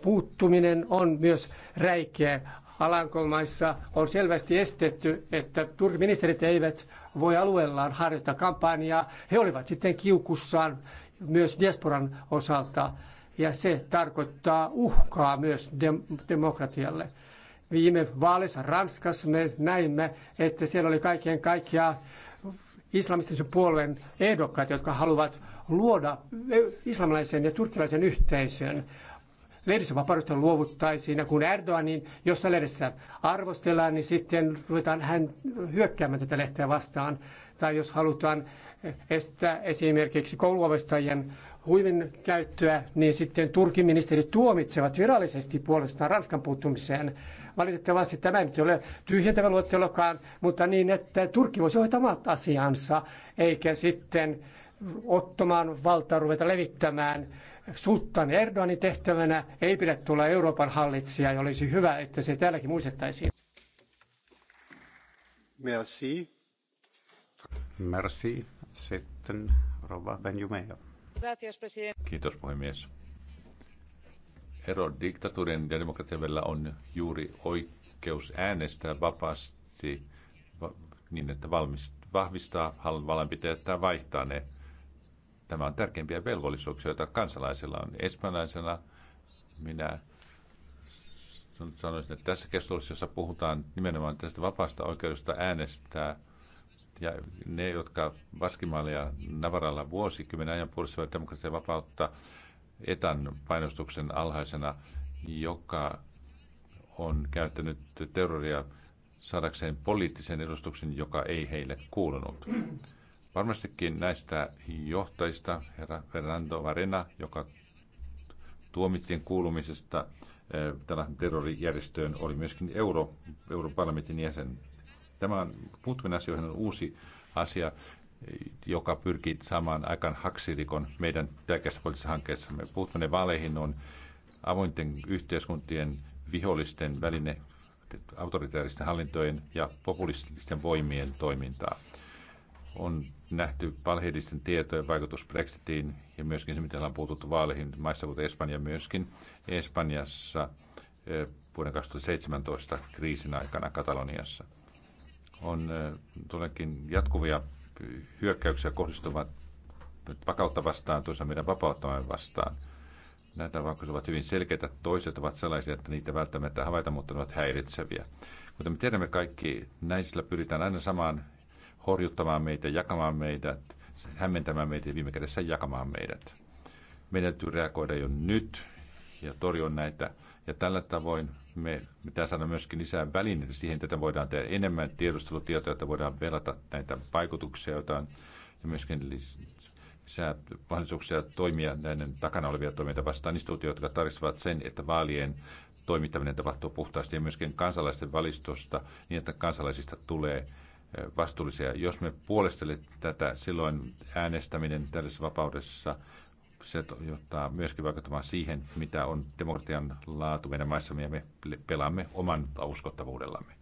puuttuminen on myös räikeä. Alankomaissa on selvästi estetty, että turkiministerit eivät voi alueellaan harjoittaa kampanjaa. He olivat sitten kiukussaan myös diasporan osalta, ja se tarkoittaa uhkaa myös dem- demokratialle. Viime vaaleissa Ranskassa me näimme, että siellä oli kaiken kaikkiaan islamistisen puolueen ehdokkaat, jotka haluavat luoda e-, islamilaisen ja turkkilaisen yhteisön lehdistönvapaudesta luovuttaisiin. Ja kun Erdoganin jossain lehdessä arvostellaan, niin sitten ruvetaan hän hyökkäämään tätä lehteä vastaan. Tai jos halutaan estää esimerkiksi kouluavastajien huivin käyttöä, niin sitten Turkin ministerit tuomitsevat virallisesti puolestaan Ranskan puuttumiseen. Valitettavasti tämä ei nyt ole tyhjentävä luettelokaan, mutta niin, että Turkki voisi hoitaa omat asiansa, eikä sitten ottamaan valtaa ruveta levittämään sulttaan Erdoganin tehtävänä ei pidä tulla Euroopan hallitsija ja olisi hyvä, että se täälläkin muistettaisiin. Merci. Merci. Sitten Rova Benjumea. Kiitos puhemies. Ero diktatuurin ja demokratian välillä on juuri oikeus äänestää vapaasti niin, että valmist, vahvistaa vallanpitäjät tai vaihtaa ne – Tämä on tärkeimpiä velvollisuuksia, joita kansalaisilla on. Espanjalaisena minä sanoisin, että tässä keskustelussa, jossa puhutaan nimenomaan tästä vapaasta oikeudesta äänestää, ja ne, jotka Baskimaalla ja Navaralla vuosikymmenen ajan puolustavat demokratian vapautta etan painostuksen alhaisena, joka on käyttänyt terroria saadakseen poliittisen edustuksen, joka ei heille kuulunut. Varmastikin näistä johtajista, herra Fernando Varena, joka tuomittiin kuulumisesta eh, tällaisen terrorijärjestöön, oli myöskin euro, europarlamentin jäsen. Tämä on muutkin asioihin on uusi asia, joka pyrkii saamaan aikaan haksirikon meidän tärkeässä poliittisessa hankkeessamme. Puuttuminen vaaleihin on avointen yhteiskuntien vihollisten väline autoritaaristen hallintojen ja populististen voimien toimintaa on nähty valheellisten tietojen vaikutus Brexitiin ja myöskin se, miten ollaan puututtu vaaleihin maissa kuten Espanja myöskin. Espanjassa eh, vuoden 2017 kriisin aikana Kataloniassa. On eh, tuollakin jatkuvia hyökkäyksiä kohdistuvat vakautta vastaan, toisaalta meidän vapauttamme vastaan. Näitä vaikutukset ovat hyvin selkeitä, toiset ovat sellaisia, että niitä välttämättä havaita, mutta ne ovat häiritseviä. Kuten me tiedämme kaikki, näisillä pyritään aina samaan horjuttamaan meitä, jakamaan meidät, hämmentämään meitä ja viime kädessä jakamaan meidät. Meidän täytyy reagoida jo nyt ja torjua näitä. Ja tällä tavoin me pitää saada myöskin lisää välineitä siihen, että voidaan tehdä enemmän tiedustelutietoja, että voidaan velata näitä vaikutuksia, joita on, ja myöskin lisää mahdollisuuksia toimia näiden takana olevia toimijoita vastaan instituutioita, jotka tarvitsevat sen, että vaalien toimittaminen tapahtuu puhtaasti ja myöskin kansalaisten valistosta niin, että kansalaisista tulee vastuullisia. Jos me puolestelle tätä, silloin äänestäminen tällaisessa vapaudessa se johtaa myöskin vaikuttamaan siihen, mitä on demokratian laatu meidän maissamme, ja me pelaamme oman uskottavuudellamme.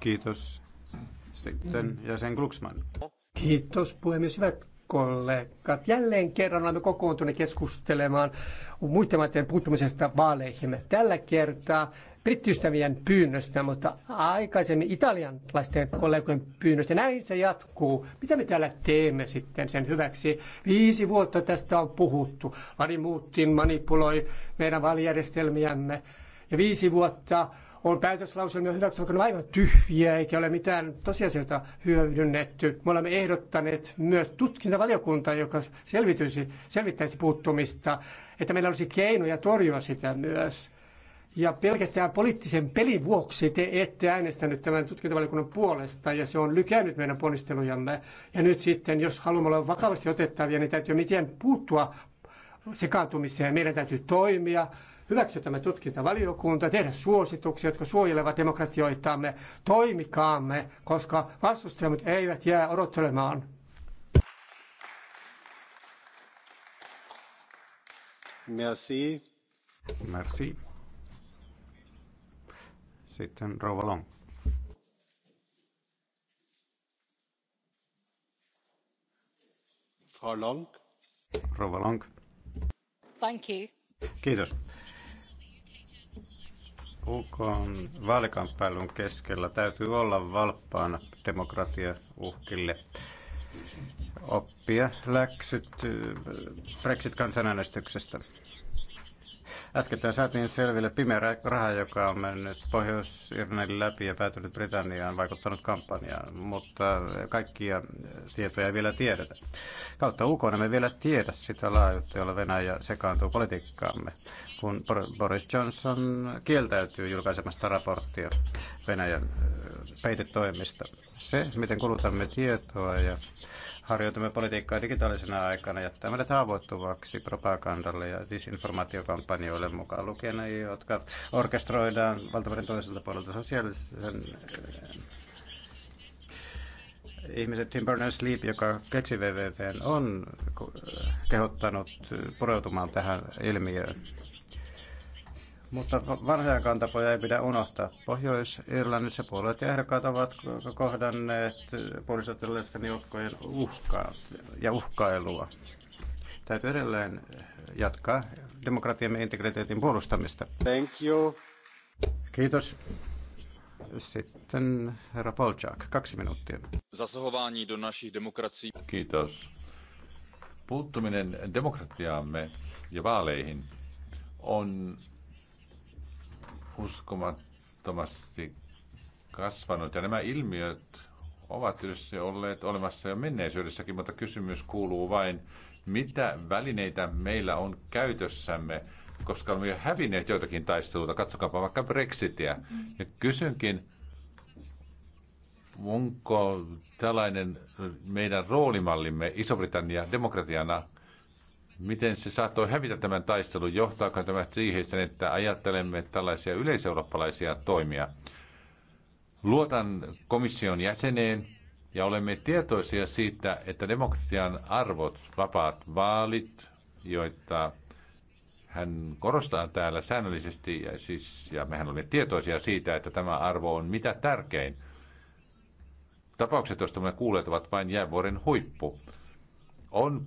Kiitos. Sitten jäsen Glucksmann. Kiitos puhemies. Hyvät kollegat. Jälleen kerran olemme kokoontuneet keskustelemaan muiden maiden puuttumisesta vaaleihin. Tällä kertaa brittiystävien pyynnöstä, mutta aikaisemmin italianlaisten kollegojen pyynnöstä. Näin se jatkuu. Mitä me täällä teemme sitten sen hyväksi? Viisi vuotta tästä on puhuttu. Lani Muuttin manipuloi meidän vaalijärjestelmiämme. Ja viisi vuotta on päätöslauselmia hyväksytty, vaikka aivan tyhjiä eikä ole mitään tosiasioita hyödynnetty. Me olemme ehdottaneet myös tutkintavaliokuntaa, joka selvittäisi puuttumista, että meillä olisi keinoja torjua sitä myös. Ja pelkästään poliittisen pelin vuoksi te ette äänestänyt tämän tutkintavaliokunnan puolesta ja se on lykännyt meidän ponnistelujamme. Ja nyt sitten, jos haluamme olla vakavasti otettavia, niin täytyy miten puuttua sekaantumiseen. Meidän täytyy toimia, hyväksyä tämä tutkintavaliokunta, tehdä suosituksia, jotka suojelevat demokratioitamme. Toimikaamme, koska vastustajamme eivät jää odottelemaan. Merci. Merci. Sitten Rouva Long. Frau Long. Rouva Long. Thank you. Kiitos. UK vaalikamppailun keskellä täytyy olla valppaana demokratia uhkille Oppia läksyt äh, Brexit-kansanäänestyksestä. Äskettäin saatiin selville pimeä raha, joka on mennyt Pohjois-Irlannin läpi ja päätynyt Britanniaan, vaikuttanut kampanjaan, mutta kaikkia tietoja ei vielä tiedetä. Kautta UK me vielä tiedä sitä laajuutta, jolla Venäjä sekaantuu politiikkaamme, kun Boris Johnson kieltäytyy julkaisemasta raporttia Venäjän peitetoimista. Se, miten kulutamme tietoa ja harjoitamme politiikkaa digitaalisena aikana jättämällä haavoittuvaksi propagandalle ja disinformaatiokampanjoille mukaan lukien, jotka orkestroidaan valtavuuden toiselta puolelta sosiaalisen eh, ihmiset Tim Berners-Lee, joka keksi WWF, on kehottanut pureutumaan tähän ilmiöön. Mutta vanhojakaan tapoja ei pidä unohtaa. Pohjois-Irlannissa puolueet ja ehdokkaat ovat kohdanneet puolisotilaisten joukkojen uhkaa ja uhkailua. Täytyy edelleen jatkaa demokratiamme integriteetin puolustamista. Thank you. Kiitos. Sitten herra Polchak, kaksi minuuttia. Zasahování do našich demokracií. Kiitos. Puuttuminen demokratiaamme ja vaaleihin on uskomattomasti kasvanut. Ja nämä ilmiöt ovat tietysti olleet olemassa jo menneisyydessäkin, mutta kysymys kuuluu vain, mitä välineitä meillä on käytössämme, koska olemme jo hävinneet joitakin taisteluita. Katsokaapa vaikka Brexitiä. Ja kysynkin, onko tällainen meidän roolimallimme Iso-Britannia demokratiana miten se saattoi hävitä tämän taistelun? Johtaako tämä siihen, että ajattelemme tällaisia yleiseurooppalaisia toimia? Luotan komission jäseneen ja olemme tietoisia siitä, että demokratian arvot, vapaat vaalit, joita hän korostaa täällä säännöllisesti, ja, siis, ja mehän olemme tietoisia siitä, että tämä arvo on mitä tärkein. Tapaukset, joista me kuulet, ovat vain jäävuoren huippu. On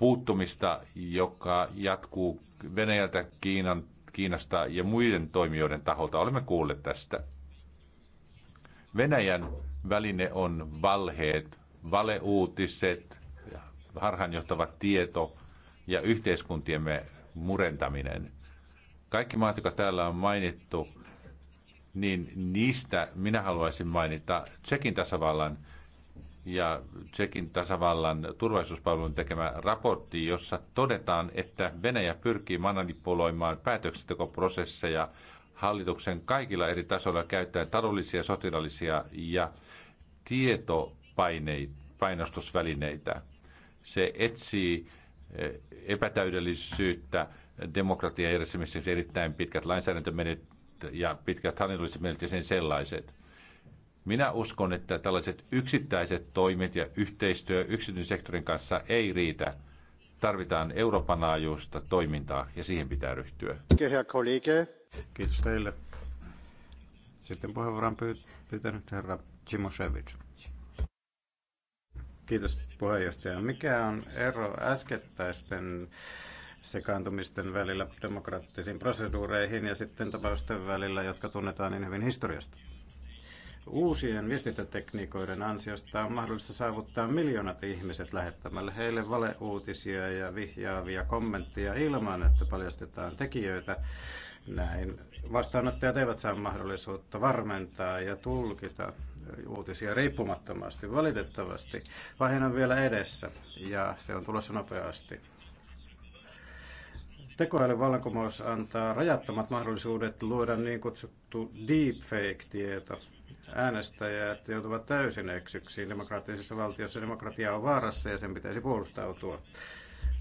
puuttumista, joka jatkuu Venäjältä, Kiinan, Kiinasta ja muiden toimijoiden taholta. Olemme kuulleet tästä. Venäjän väline on valheet, valeuutiset, harhaanjohtava tieto ja yhteiskuntiemme murentaminen. Kaikki maat, jotka täällä on mainittu, niin niistä minä haluaisin mainita Tsekin tasavallan – ja Tsekin tasavallan turvallisuuspalvelun tekemä raportti, jossa todetaan, että Venäjä pyrkii manipuloimaan päätöksentekoprosesseja hallituksen kaikilla eri tasoilla käyttäen taloudellisia, sotilaallisia ja tietopainostusvälineitä. Se etsii eh, epätäydellisyyttä, demokratiajärjestelmissä erittäin pitkät lainsäädäntömenet ja pitkät hallinnolliset menet ja sen sellaiset. Minä uskon, että tällaiset yksittäiset toimet ja yhteistyö yksityisen sektorin kanssa ei riitä. Tarvitaan Euroopan laajuista toimintaa ja siihen pitää ryhtyä. Kiitos teille. Sitten puheenvuoron pyytänyt herra Timoshevich. Kiitos puheenjohtaja. Mikä on ero äskettäisten sekaantumisten välillä demokraattisiin proseduureihin ja sitten tapausten välillä, jotka tunnetaan niin hyvin historiasta? Uusien viestintätekniikoiden ansiosta on mahdollista saavuttaa miljoonat ihmiset lähettämällä heille valeuutisia ja vihjaavia kommentteja ilman, että paljastetaan tekijöitä. Näin vastaanottajat eivät saa mahdollisuutta varmentaa ja tulkita uutisia riippumattomasti. Valitettavasti Vaihe on vielä edessä ja se on tulossa nopeasti. Tekoälyn vallankumous antaa rajattomat mahdollisuudet luoda niin kutsuttu deepfake-tieto, äänestäjät joutuvat täysin eksyksiin demokraattisessa valtiossa. Demokratia on vaarassa ja sen pitäisi puolustautua.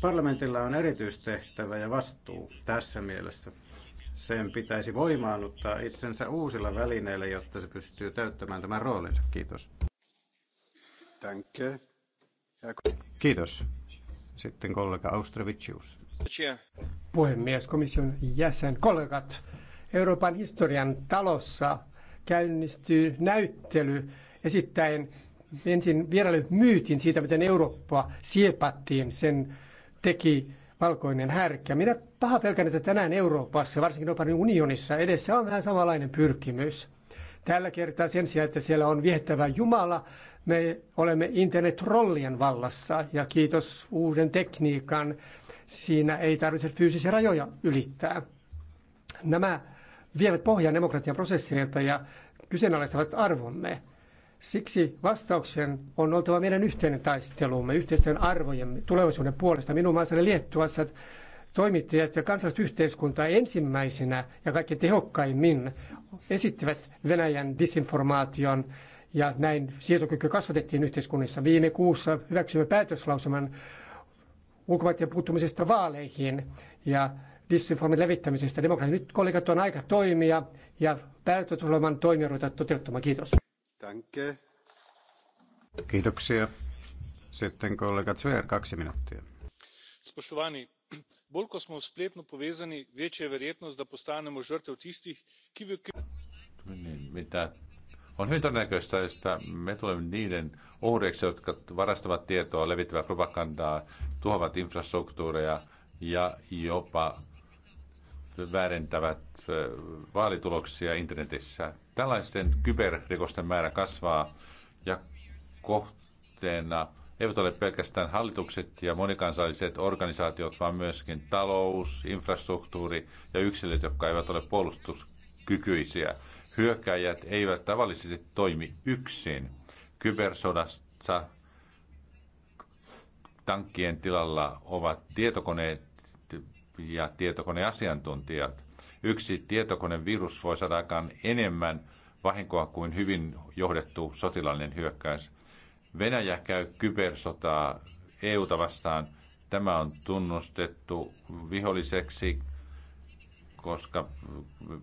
Parlamentilla on erityistehtävä ja vastuu tässä mielessä. Sen pitäisi voimaannuttaa itsensä uusilla välineillä, jotta se pystyy täyttämään tämän roolinsa. Kiitos. Kiitos. Sitten kollega Austrovicius. Puhemies, komission jäsen, kollegat. Euroopan historian talossa käynnistyy näyttely esittäen ensin vieraille myytin siitä, miten Eurooppa siepattiin. Sen teki valkoinen härkä. Minä paha pelkän, että tänään Euroopassa, varsinkin Euroopan unionissa, edessä on vähän samanlainen pyrkimys. Tällä kertaa sen sijaan, että siellä on viettävä Jumala, me olemme internet-trollien vallassa ja kiitos uuden tekniikan, siinä ei tarvitse fyysisiä rajoja ylittää. Nämä vievät pohjaa demokratian prosesseilta ja kyseenalaistavat arvomme. Siksi vastauksen on oltava meidän yhteinen taistelumme, yhteisten arvojen tulevaisuuden puolesta. Minun maassani Liettuassa toimittajat ja yhteiskunta ensimmäisenä ja kaikkein tehokkaimmin esittivät Venäjän disinformaation ja näin sietokyky kasvatettiin yhteiskunnissa. Viime kuussa hyväksymme päätöslausuman ulkomaiden puuttumisesta vaaleihin ja disinformin levittämisestä demokraatit Nyt kollegat on aika toimia ja päätösohjelman toimia ruvetaan toteuttamaan. Kiitos. Danke. Kiitoksia. Sitten kollega Zver, kaksi minuuttia. Spoštovani, bolj ko smo spletno povezani, večja je verjetnost, da postanemo žrtev tistih, ki v... Niin, mitä on hyvin todennäköistä, että me tulemme niiden uhreiksi, jotka varastavat tietoa, levittävät propagandaa, tuhoavat infrastruktuureja ja jopa väärentävät vaalituloksia internetissä. Tällaisten kyberrikosten määrä kasvaa ja kohteena eivät ole pelkästään hallitukset ja monikansalliset organisaatiot, vaan myöskin talous, infrastruktuuri ja yksilöt, jotka eivät ole puolustuskykyisiä. Hyökkäjät eivät tavallisesti toimi yksin. Kybersodassa tankkien tilalla ovat tietokoneet ja tietokoneasiantuntijat. Yksi tietokonevirus voi saada aikaan enemmän vahinkoa kuin hyvin johdettu sotilaallinen hyökkäys. Venäjä käy kybersotaa EUta vastaan. Tämä on tunnustettu viholliseksi, koska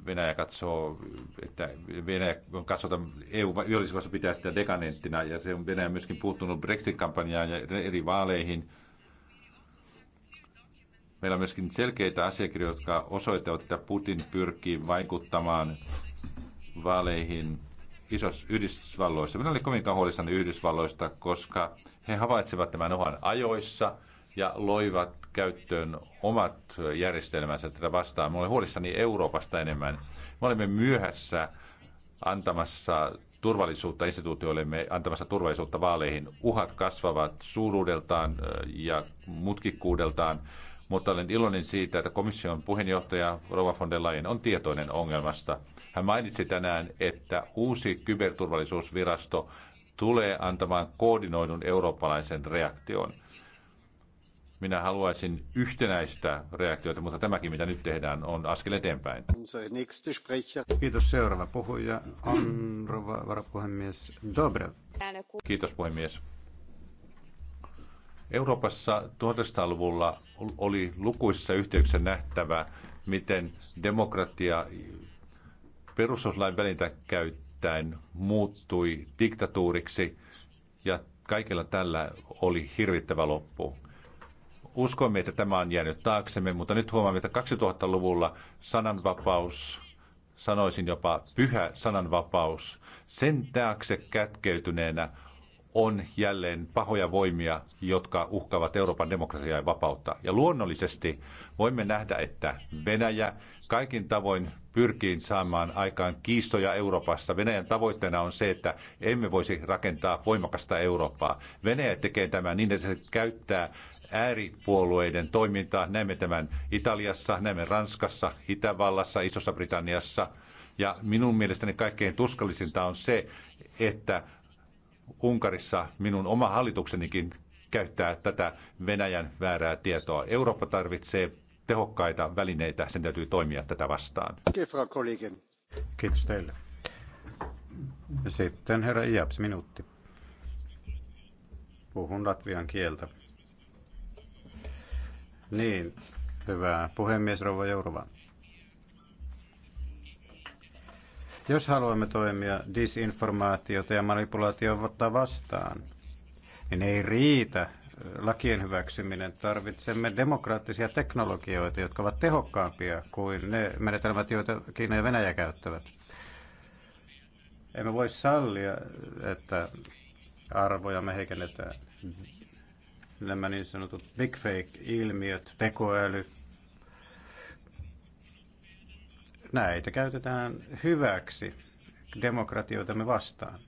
Venäjä katsoo, että Venäjä katsota, EU e vihollisessa pitää sitä dekanenttina ja se on Venäjä myöskin puuttunut Brexit-kampanjaan ja eri vaaleihin – Meillä on myöskin selkeitä asiakirjoja, jotka osoittavat, että Putin pyrkii vaikuttamaan vaaleihin isossa Yhdysvalloissa. Minä olin kovinkaan huolissani Yhdysvalloista, koska he havaitsevat tämän uhan ajoissa ja loivat käyttöön omat järjestelmänsä tätä vastaan. Minä olin huolissani Euroopasta enemmän. Me olimme myöhässä antamassa turvallisuutta instituutioillemme, antamassa turvallisuutta vaaleihin. Uhat kasvavat suuruudeltaan ja mutkikkuudeltaan mutta olen iloinen siitä, että komission puheenjohtaja Rova von der Leyen on tietoinen ongelmasta. Hän mainitsi tänään, että uusi kyberturvallisuusvirasto tulee antamaan koordinoidun eurooppalaisen reaktion. Minä haluaisin yhtenäistä reaktiota, mutta tämäkin, mitä nyt tehdään, on askel eteenpäin. Kiitos. Seuraava puhuja on varapuhemies Dobrev. Kiitos puhemies. Euroopassa 1900-luvulla oli lukuisissa yhteyksissä nähtävä, miten demokratia perustuslain välintä käyttäen muuttui diktatuuriksi ja kaikilla tällä oli hirvittävä loppu. Uskoimme, että tämä on jäänyt taaksemme, mutta nyt huomaamme, että 2000-luvulla sananvapaus, sanoisin jopa pyhä sananvapaus, sen taakse kätkeytyneenä on jälleen pahoja voimia, jotka uhkaavat Euroopan demokratiaa ja vapautta. Ja luonnollisesti voimme nähdä, että Venäjä kaikin tavoin pyrkii saamaan aikaan kiistoja Euroopassa. Venäjän tavoitteena on se, että emme voisi rakentaa voimakasta Eurooppaa. Venäjä tekee tämän niin, että se käyttää ääripuolueiden toimintaa. Näemme tämän Italiassa, näemme Ranskassa, Itävallassa, Isossa Britanniassa. Ja minun mielestäni kaikkein tuskallisinta on se, että Unkarissa minun oma hallituksenikin käyttää tätä Venäjän väärää tietoa. Eurooppa tarvitsee tehokkaita välineitä, sen täytyy toimia tätä vastaan. Kiitos teille. Sitten herra Iaps, minuutti. Puhun latvian kieltä. Niin, hyvä puhemies, rouva Jourova. Jos haluamme toimia disinformaatiota ja manipulaatiota vastaan, niin ei riitä lakien hyväksyminen. Tarvitsemme demokraattisia teknologioita, jotka ovat tehokkaampia kuin ne menetelmät, joita Kiina ja Venäjä käyttävät. Emme voi sallia, että arvoja me heikennetään. Nämä niin sanotut big fake-ilmiöt, tekoäly, näitä käytetään hyväksi demokratioitamme vastaan.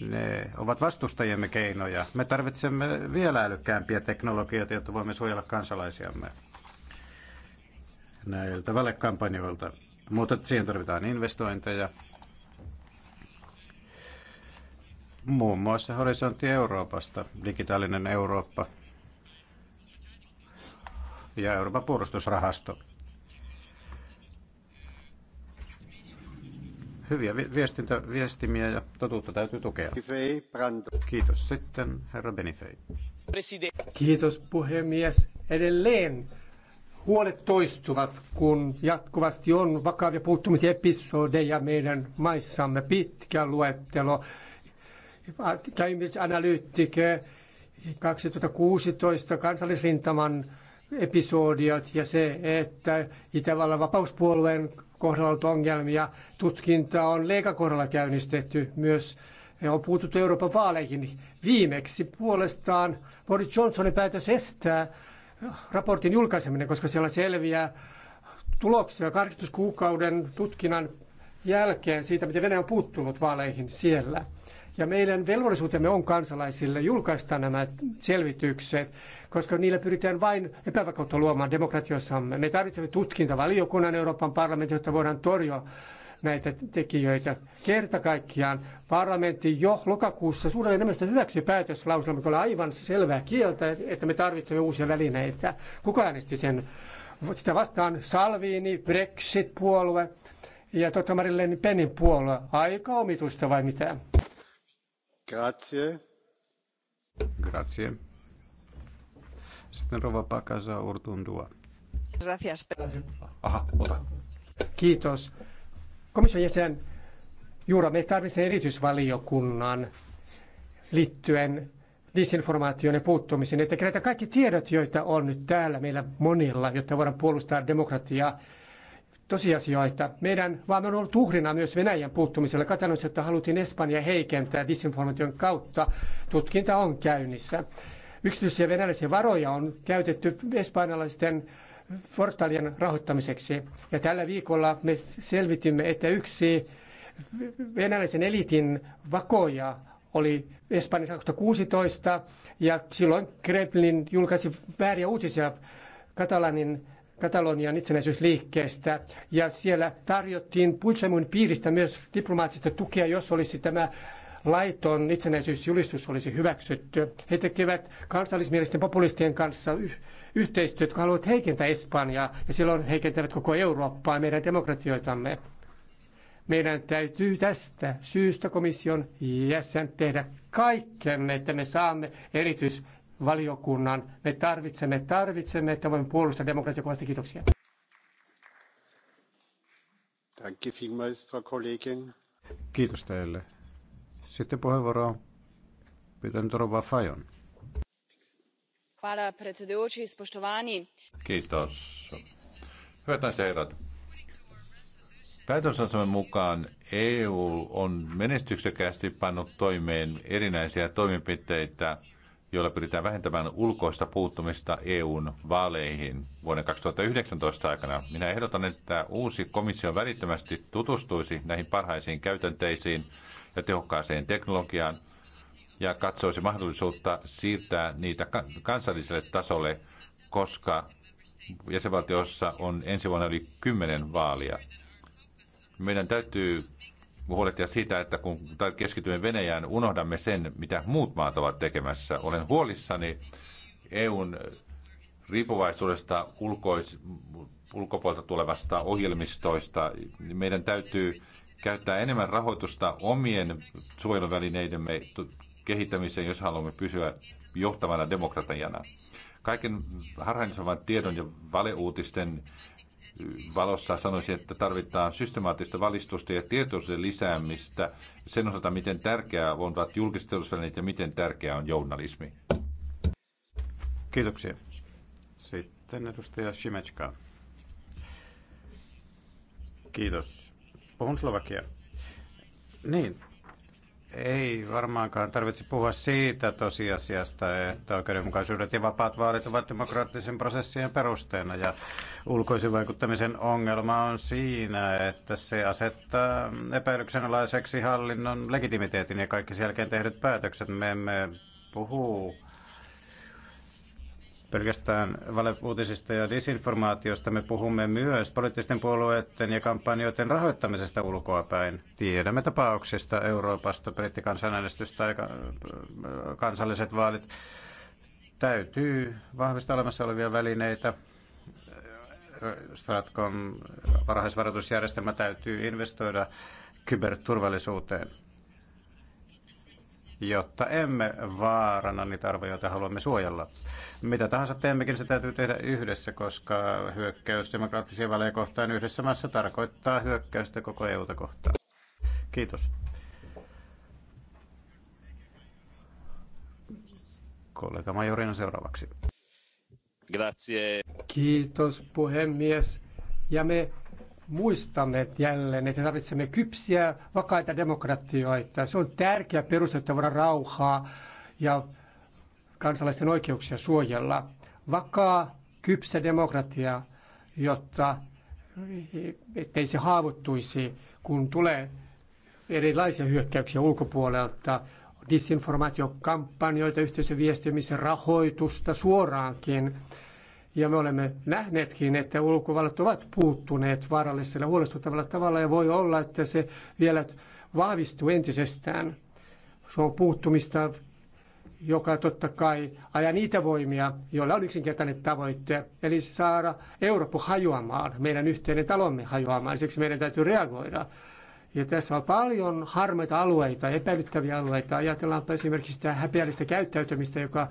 Ne ovat vastustajiemme keinoja. Me tarvitsemme vielä älykkäämpiä teknologioita, jotta voimme suojella kansalaisiamme näiltä valekampanjoilta. Mutta siihen tarvitaan investointeja. Muun muassa Horisontti Euroopasta, digitaalinen Eurooppa ja Euroopan puolustusrahasto. hyviä viestintä, viestimiä ja totuutta täytyy tukea. Kiitos sitten, herra Benifei. Kiitos puhemies. Edelleen huolet toistuvat, kun jatkuvasti on vakavia puuttumisia episodeja meidän maissamme. Pitkä luettelo. Cambridge Analytica 2016 kansallisrintaman episodiot ja se, että Itävallan vapauspuolueen kohdalla on ongelmia. Tutkinta on Leikan kohdalla käynnistetty myös. Ja on puututtu Euroopan vaaleihin. Viimeksi puolestaan Boris Johnsonin päätös estää raportin julkaiseminen, koska siellä selviää tuloksia 18 kuukauden tutkinnan jälkeen siitä, miten Venäjä on puuttunut vaaleihin siellä. Ja meidän velvollisuutemme on kansalaisille julkaista nämä selvitykset, koska niillä pyritään vain epävakautta luomaan demokratiossamme. Me tarvitsemme tutkintavaliokunnan Euroopan parlamentin, jotta voidaan torjua näitä tekijöitä. Kerta kaikkiaan parlamentti jo lokakuussa suurella enemmistö hyväksyi päätöslauselman, joka oli aivan selvää kieltä, että me tarvitsemme uusia välineitä. Kuka äänesti sen? Sitä vastaan Salvini, Brexit-puolue ja totta Marille Penin puolue. Aika omituista vai mitä? Kiitos. Komission jäsen Juura, me tarvitsemme erityisvaliokunnan liittyen disinformaatioon ja puuttumiseen että kerätään kaikki tiedot, joita on nyt täällä meillä monilla, jotta voidaan puolustaa demokratiaa tosiasioita. Meidän maamme on ollut uhrina myös Venäjän puuttumisella. Katanoissa, että haluttiin Espanja heikentää disinformaation kautta. Tutkinta on käynnissä. Yksityisiä venäläisiä varoja on käytetty espanjalaisten portaalien rahoittamiseksi. Ja tällä viikolla me selvitimme, että yksi venäläisen elitin vakoja oli Espanjassa 2016 ja silloin Kremlin julkaisi vääriä uutisia katalanin Katalonian itsenäisyysliikkeestä ja siellä tarjottiin Puigdemont piiristä myös diplomaattista tukea, jos olisi tämä laiton itsenäisyysjulistus olisi hyväksytty. He tekevät kansallismielisten populistien kanssa y- yhteistyötä, jotka haluavat heikentää Espanjaa ja silloin heikentävät koko Eurooppaa ja meidän demokratioitamme. Meidän täytyy tästä syystä komission jäsen tehdä kaikkemme, että me saamme erityis valiokunnan. Me tarvitsemme, tarvitsemme, että voimme puolustaa demokratiaa kovasti. Kiitoksia. Kiitos teille. Sitten puheenvuoro on pyytänyt Rova Fajon. Kiitos. Hyvät naiset ja herrat, Päätösasemme mukaan EU on menestyksekkäästi pannut toimeen erinäisiä toimenpiteitä joilla pyritään vähentämään ulkoista puuttumista EUn vaaleihin vuoden 2019 aikana. Minä ehdotan, että uusi komissio välittömästi tutustuisi näihin parhaisiin käytänteisiin ja tehokkaaseen teknologiaan ja katsoisi mahdollisuutta siirtää niitä kansalliselle tasolle, koska jäsenvaltiossa on ensi vuonna yli kymmenen vaalia. Meidän täytyy huolehtia siitä, että kun keskitymme Venäjään, unohdamme sen, mitä muut maat ovat tekemässä. Olen huolissani EUn riippuvaisuudesta ulkois, ulkopuolelta tulevasta ohjelmistoista. Meidän täytyy käyttää enemmän rahoitusta omien suojeluvälineidemme kehittämiseen, jos haluamme pysyä johtavana demokratiana. Kaiken harhaisemman tiedon ja valeuutisten valossa sanoisin, että tarvitaan systemaattista valistusta ja tietoisuuden lisäämistä sen osalta, miten tärkeää on julkiset ja miten tärkeää on journalismi. Kiitoksia. Sitten edustaja Shimechka. Kiitos. Puhun Slovakia. Niin, ei varmaankaan tarvitse puhua siitä tosiasiasta, että oikeudenmukaisuudet ja vapaat vaalit ovat demokraattisen prosessien perusteena. Ja ulkoisen vaikuttamisen ongelma on siinä, että se asettaa epäilyksenalaiseksi hallinnon legitimiteetin ja kaikki sen jälkeen tehdyt päätökset. Me emme puhu pelkästään valeuutisista ja disinformaatiosta. Me puhumme myös poliittisten puolueiden ja kampanjoiden rahoittamisesta ulkoapäin. Tiedämme tapauksista Euroopasta, brittikansanäänestys tai kansalliset vaalit. Täytyy vahvistaa olemassa olevia välineitä. Stratcom varhaisvaroitusjärjestelmä täytyy investoida kyberturvallisuuteen jotta emme vaarana niitä arvoja, joita haluamme suojella. Mitä tahansa teemmekin, se täytyy tehdä yhdessä, koska hyökkäys demokraattisia välejä kohtaan yhdessä maassa tarkoittaa hyökkäystä koko EUta kohtaan. Kiitos. Kollega Majorina seuraavaksi. Grazie. Kiitos puhemies. Ja me muistamme jälleen, että tarvitsemme kypsiä, vakaita demokratioita. Se on tärkeä peruste, että voidaan rauhaa ja kansalaisten oikeuksia suojella. Vakaa, kypsä demokratia, jotta ettei se haavoittuisi, kun tulee erilaisia hyökkäyksiä ulkopuolelta, disinformaatiokampanjoita, yhteisöviestimisen rahoitusta suoraankin ja me olemme nähneetkin, että ulkovallat ovat puuttuneet vaarallisella huolestuttavalla tavalla ja voi olla, että se vielä vahvistuu entisestään. Se on puuttumista, joka totta kai ajaa niitä voimia, joilla on yksinkertainen tavoitte, eli saada Eurooppa hajoamaan, meidän yhteinen talomme hajoamaan. Siksi meidän täytyy reagoida. Ja tässä on paljon harmaita alueita, epäilyttäviä alueita. Ajatellaanpa esimerkiksi sitä häpeällistä käyttäytymistä, joka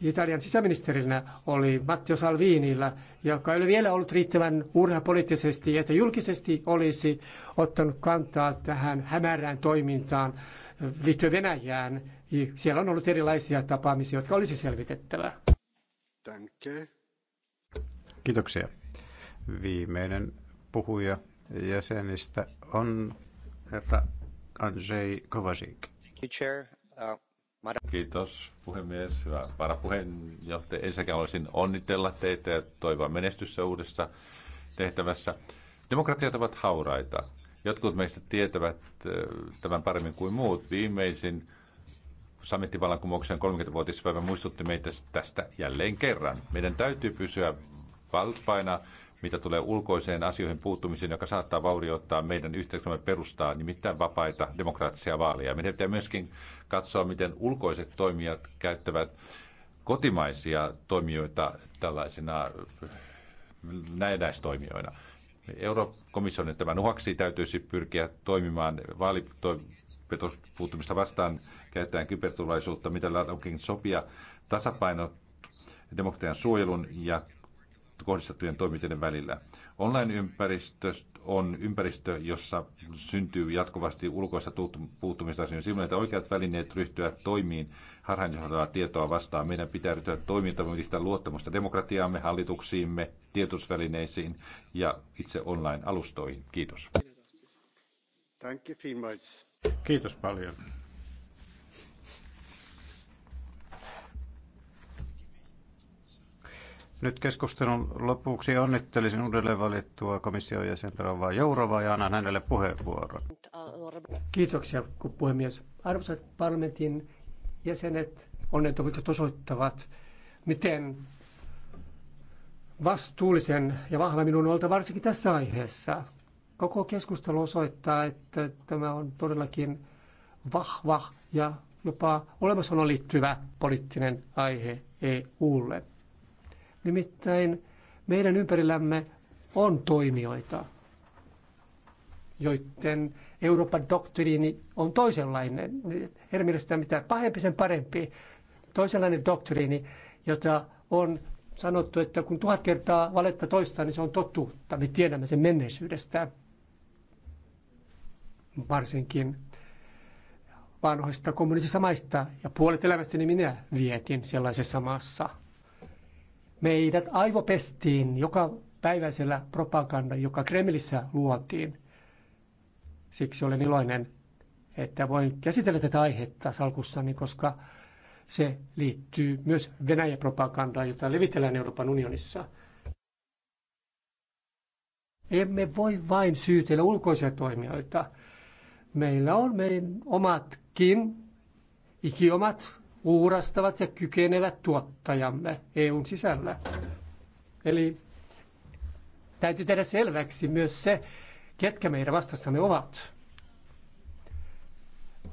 Italian sisäministerinä oli Matteo Salvinilla, joka ei ole vielä ollut riittävän urha poliittisesti, että julkisesti olisi ottanut kantaa tähän hämärään toimintaan liittyen Venäjään. Siellä on ollut erilaisia tapaamisia, jotka olisi selvitettävä. Kiitoksia. Viimeinen puhuja jäsenistä on herra Andrzej Kovacic. Chair, uh, Kiitos puhemies, hyvä varapuheenjohtaja. Ensinnäkin haluaisin onnitella teitä ja toivoa menestyssä uudessa tehtävässä. Demokratiat ovat hauraita. Jotkut meistä tietävät tämän paremmin kuin muut. Viimeisin samettivallankumouksen 30-vuotispäivä muistutti meitä tästä jälleen kerran. Meidän täytyy pysyä valppaina mitä tulee ulkoiseen asioihin puuttumiseen, joka saattaa vaurioittaa meidän yhteiskunnan perustaa, nimittäin vapaita demokraattisia vaaleja. Meidän pitää myöskin katsoa, miten ulkoiset toimijat käyttävät kotimaisia toimijoita tällaisina näennäistoimijoina. Eurokomission tämän uhaksi täytyisi pyrkiä toimimaan vaalipuuttumista vastaan käyttäen kyberturvallisuutta, mitä onkin sopia tasapaino demokratian suojelun ja kohdistettujen toimintojen välillä. Online-ympäristö on ympäristö, jossa syntyy jatkuvasti ulkoista puuttumista asioihin. Silloin, että oikeat välineet ryhtyä toimiin harhaanjohtavaa tietoa vastaan. Meidän pitää ryhtyä toimintaan luottamusta demokratiaamme, hallituksiimme, tietosvälineisiin ja itse online-alustoihin. Kiitos. Kiitos paljon. Nyt keskustelun lopuksi onnittelisin uudelleen valittua komission jäsentä Rova Jourovaa ja annan hänelle puheenvuoron. Kiitoksia, puhemies. Arvoisat parlamentin jäsenet, onnettomuudet osoittavat, miten vastuullisen ja vahva minun on oltava varsinkin tässä aiheessa. Koko keskustelu osoittaa, että tämä on todellakin vahva ja jopa olemassaoloon liittyvä poliittinen aihe EUlle. Nimittäin meidän ympärillämme on toimijoita, joiden Euroopan doktriini on toisenlainen. Heidän mielestään mitä pahempi, sen parempi. Toisenlainen doktriini, jota on sanottu, että kun tuhat kertaa valetta toistaa, niin se on totuutta. Me tiedämme sen menneisyydestä. Varsinkin vanhoista kommunistisista maista ja puolet elämästäni minä vietin sellaisessa maassa – Meidät aivopestiin joka päiväisellä propaganda, joka Kremlissä luotiin. Siksi olen iloinen, että voin käsitellä tätä aihetta salkussani, koska se liittyy myös Venäjä-propagandaan, jota levitellään Euroopan unionissa. Emme voi vain syytellä ulkoisia toimijoita. Meillä on meidän omatkin ikiomat uurastavat ja kykenevät tuottajamme EUn sisällä. Eli täytyy tehdä selväksi myös se, ketkä meidän vastassamme ovat.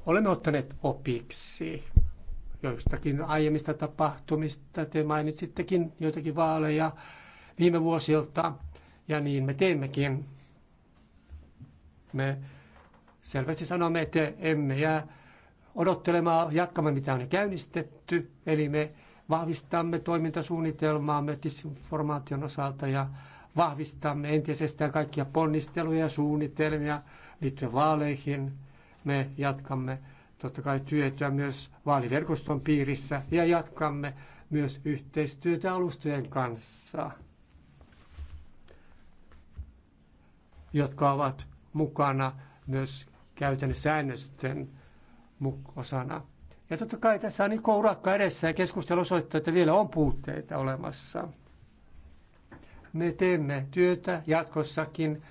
Olemme ottaneet opiksi joistakin aiemmista tapahtumista. Te mainitsittekin joitakin vaaleja viime vuosilta, ja niin me teemmekin. Me selvästi sanomme, että emme jää odottelemaan, jatkamme mitä on jo käynnistetty. Eli me vahvistamme toimintasuunnitelmaamme disinformaation osalta ja vahvistamme entisestään kaikkia ponnisteluja ja suunnitelmia liittyen vaaleihin. Me jatkamme totta kai työtä myös vaaliverkoston piirissä ja jatkamme myös yhteistyötä alustojen kanssa, jotka ovat mukana myös käytännön säännösten osana. Ja totta kai tässä on niin urakka edessä ja keskustelu osoittaa, että vielä on puutteita olemassa. Me teemme työtä jatkossakin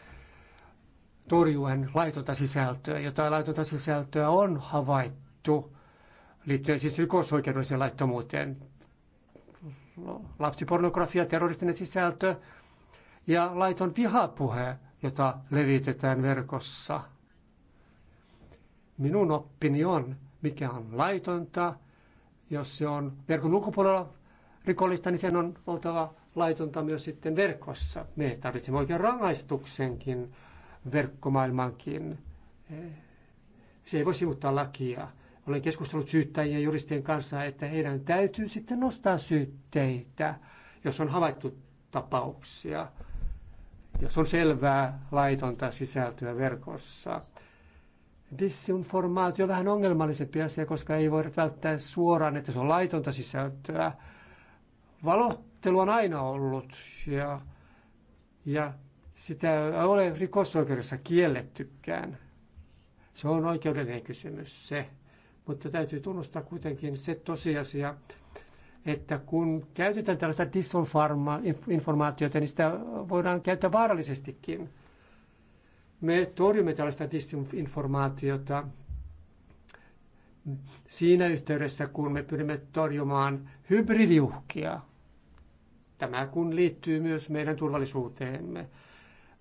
torjuen laitonta sisältöä. Jotain laitonta sisältöä on havaittu liittyen siis rikosoikeudelliseen laittomuuteen. Lapsipornografia, terroristinen sisältö ja laiton vihapuhe, jota levitetään verkossa – Minun oppini on, mikä on laitonta. Jos se on verkon ulkopuolella rikollista, niin sen on oltava laitonta myös sitten verkossa. Me tarvitsemme oikean rangaistuksenkin verkkomaailmankin. Eh, se ei voi sivuttaa lakia. Olen keskustellut syyttäjien ja juristien kanssa, että heidän täytyy sitten nostaa syytteitä, jos on havaittu tapauksia, jos on selvää laitonta sisältöä verkossa disinformaatio on vähän ongelmallisempi asia, koska ei voi välttää suoraan, että se on laitonta sisältöä. Valottelu on aina ollut ja, ja sitä ei ole rikosoikeudessa kiellettykään. Se on oikeudellinen kysymys se. Mutta täytyy tunnustaa kuitenkin se tosiasia, että kun käytetään tällaista disinformaatiota, niin sitä voidaan käyttää vaarallisestikin – me torjumme tällaista disinformaatiota siinä yhteydessä, kun me pyrimme torjumaan hybridiuhkia. Tämä kun liittyy myös meidän turvallisuuteemme.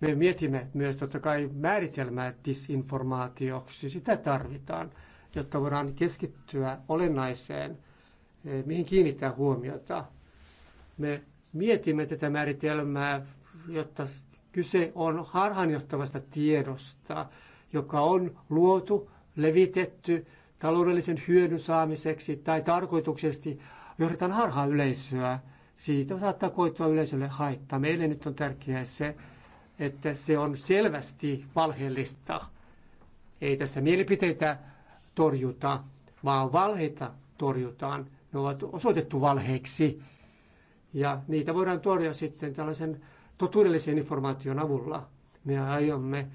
Me mietimme myös totta kai määritelmää disinformaatioksi. Sitä tarvitaan, jotta voidaan keskittyä olennaiseen, eh, mihin kiinnittää huomiota. Me mietimme tätä määritelmää, jotta Kyse on harhaanjohtavasta tiedosta, joka on luotu, levitetty taloudellisen hyödyn saamiseksi tai tarkoituksesti johdetaan harhaa yleisöä. Siitä saattaa koitua yleisölle haittaa. Meille nyt on tärkeää se, että se on selvästi valheellista. Ei tässä mielipiteitä torjuta, vaan valheita torjutaan. Ne ovat osoitettu valheiksi. Ja niitä voidaan torjua sitten tällaisen totuudellisen informaation avulla. Me aiomme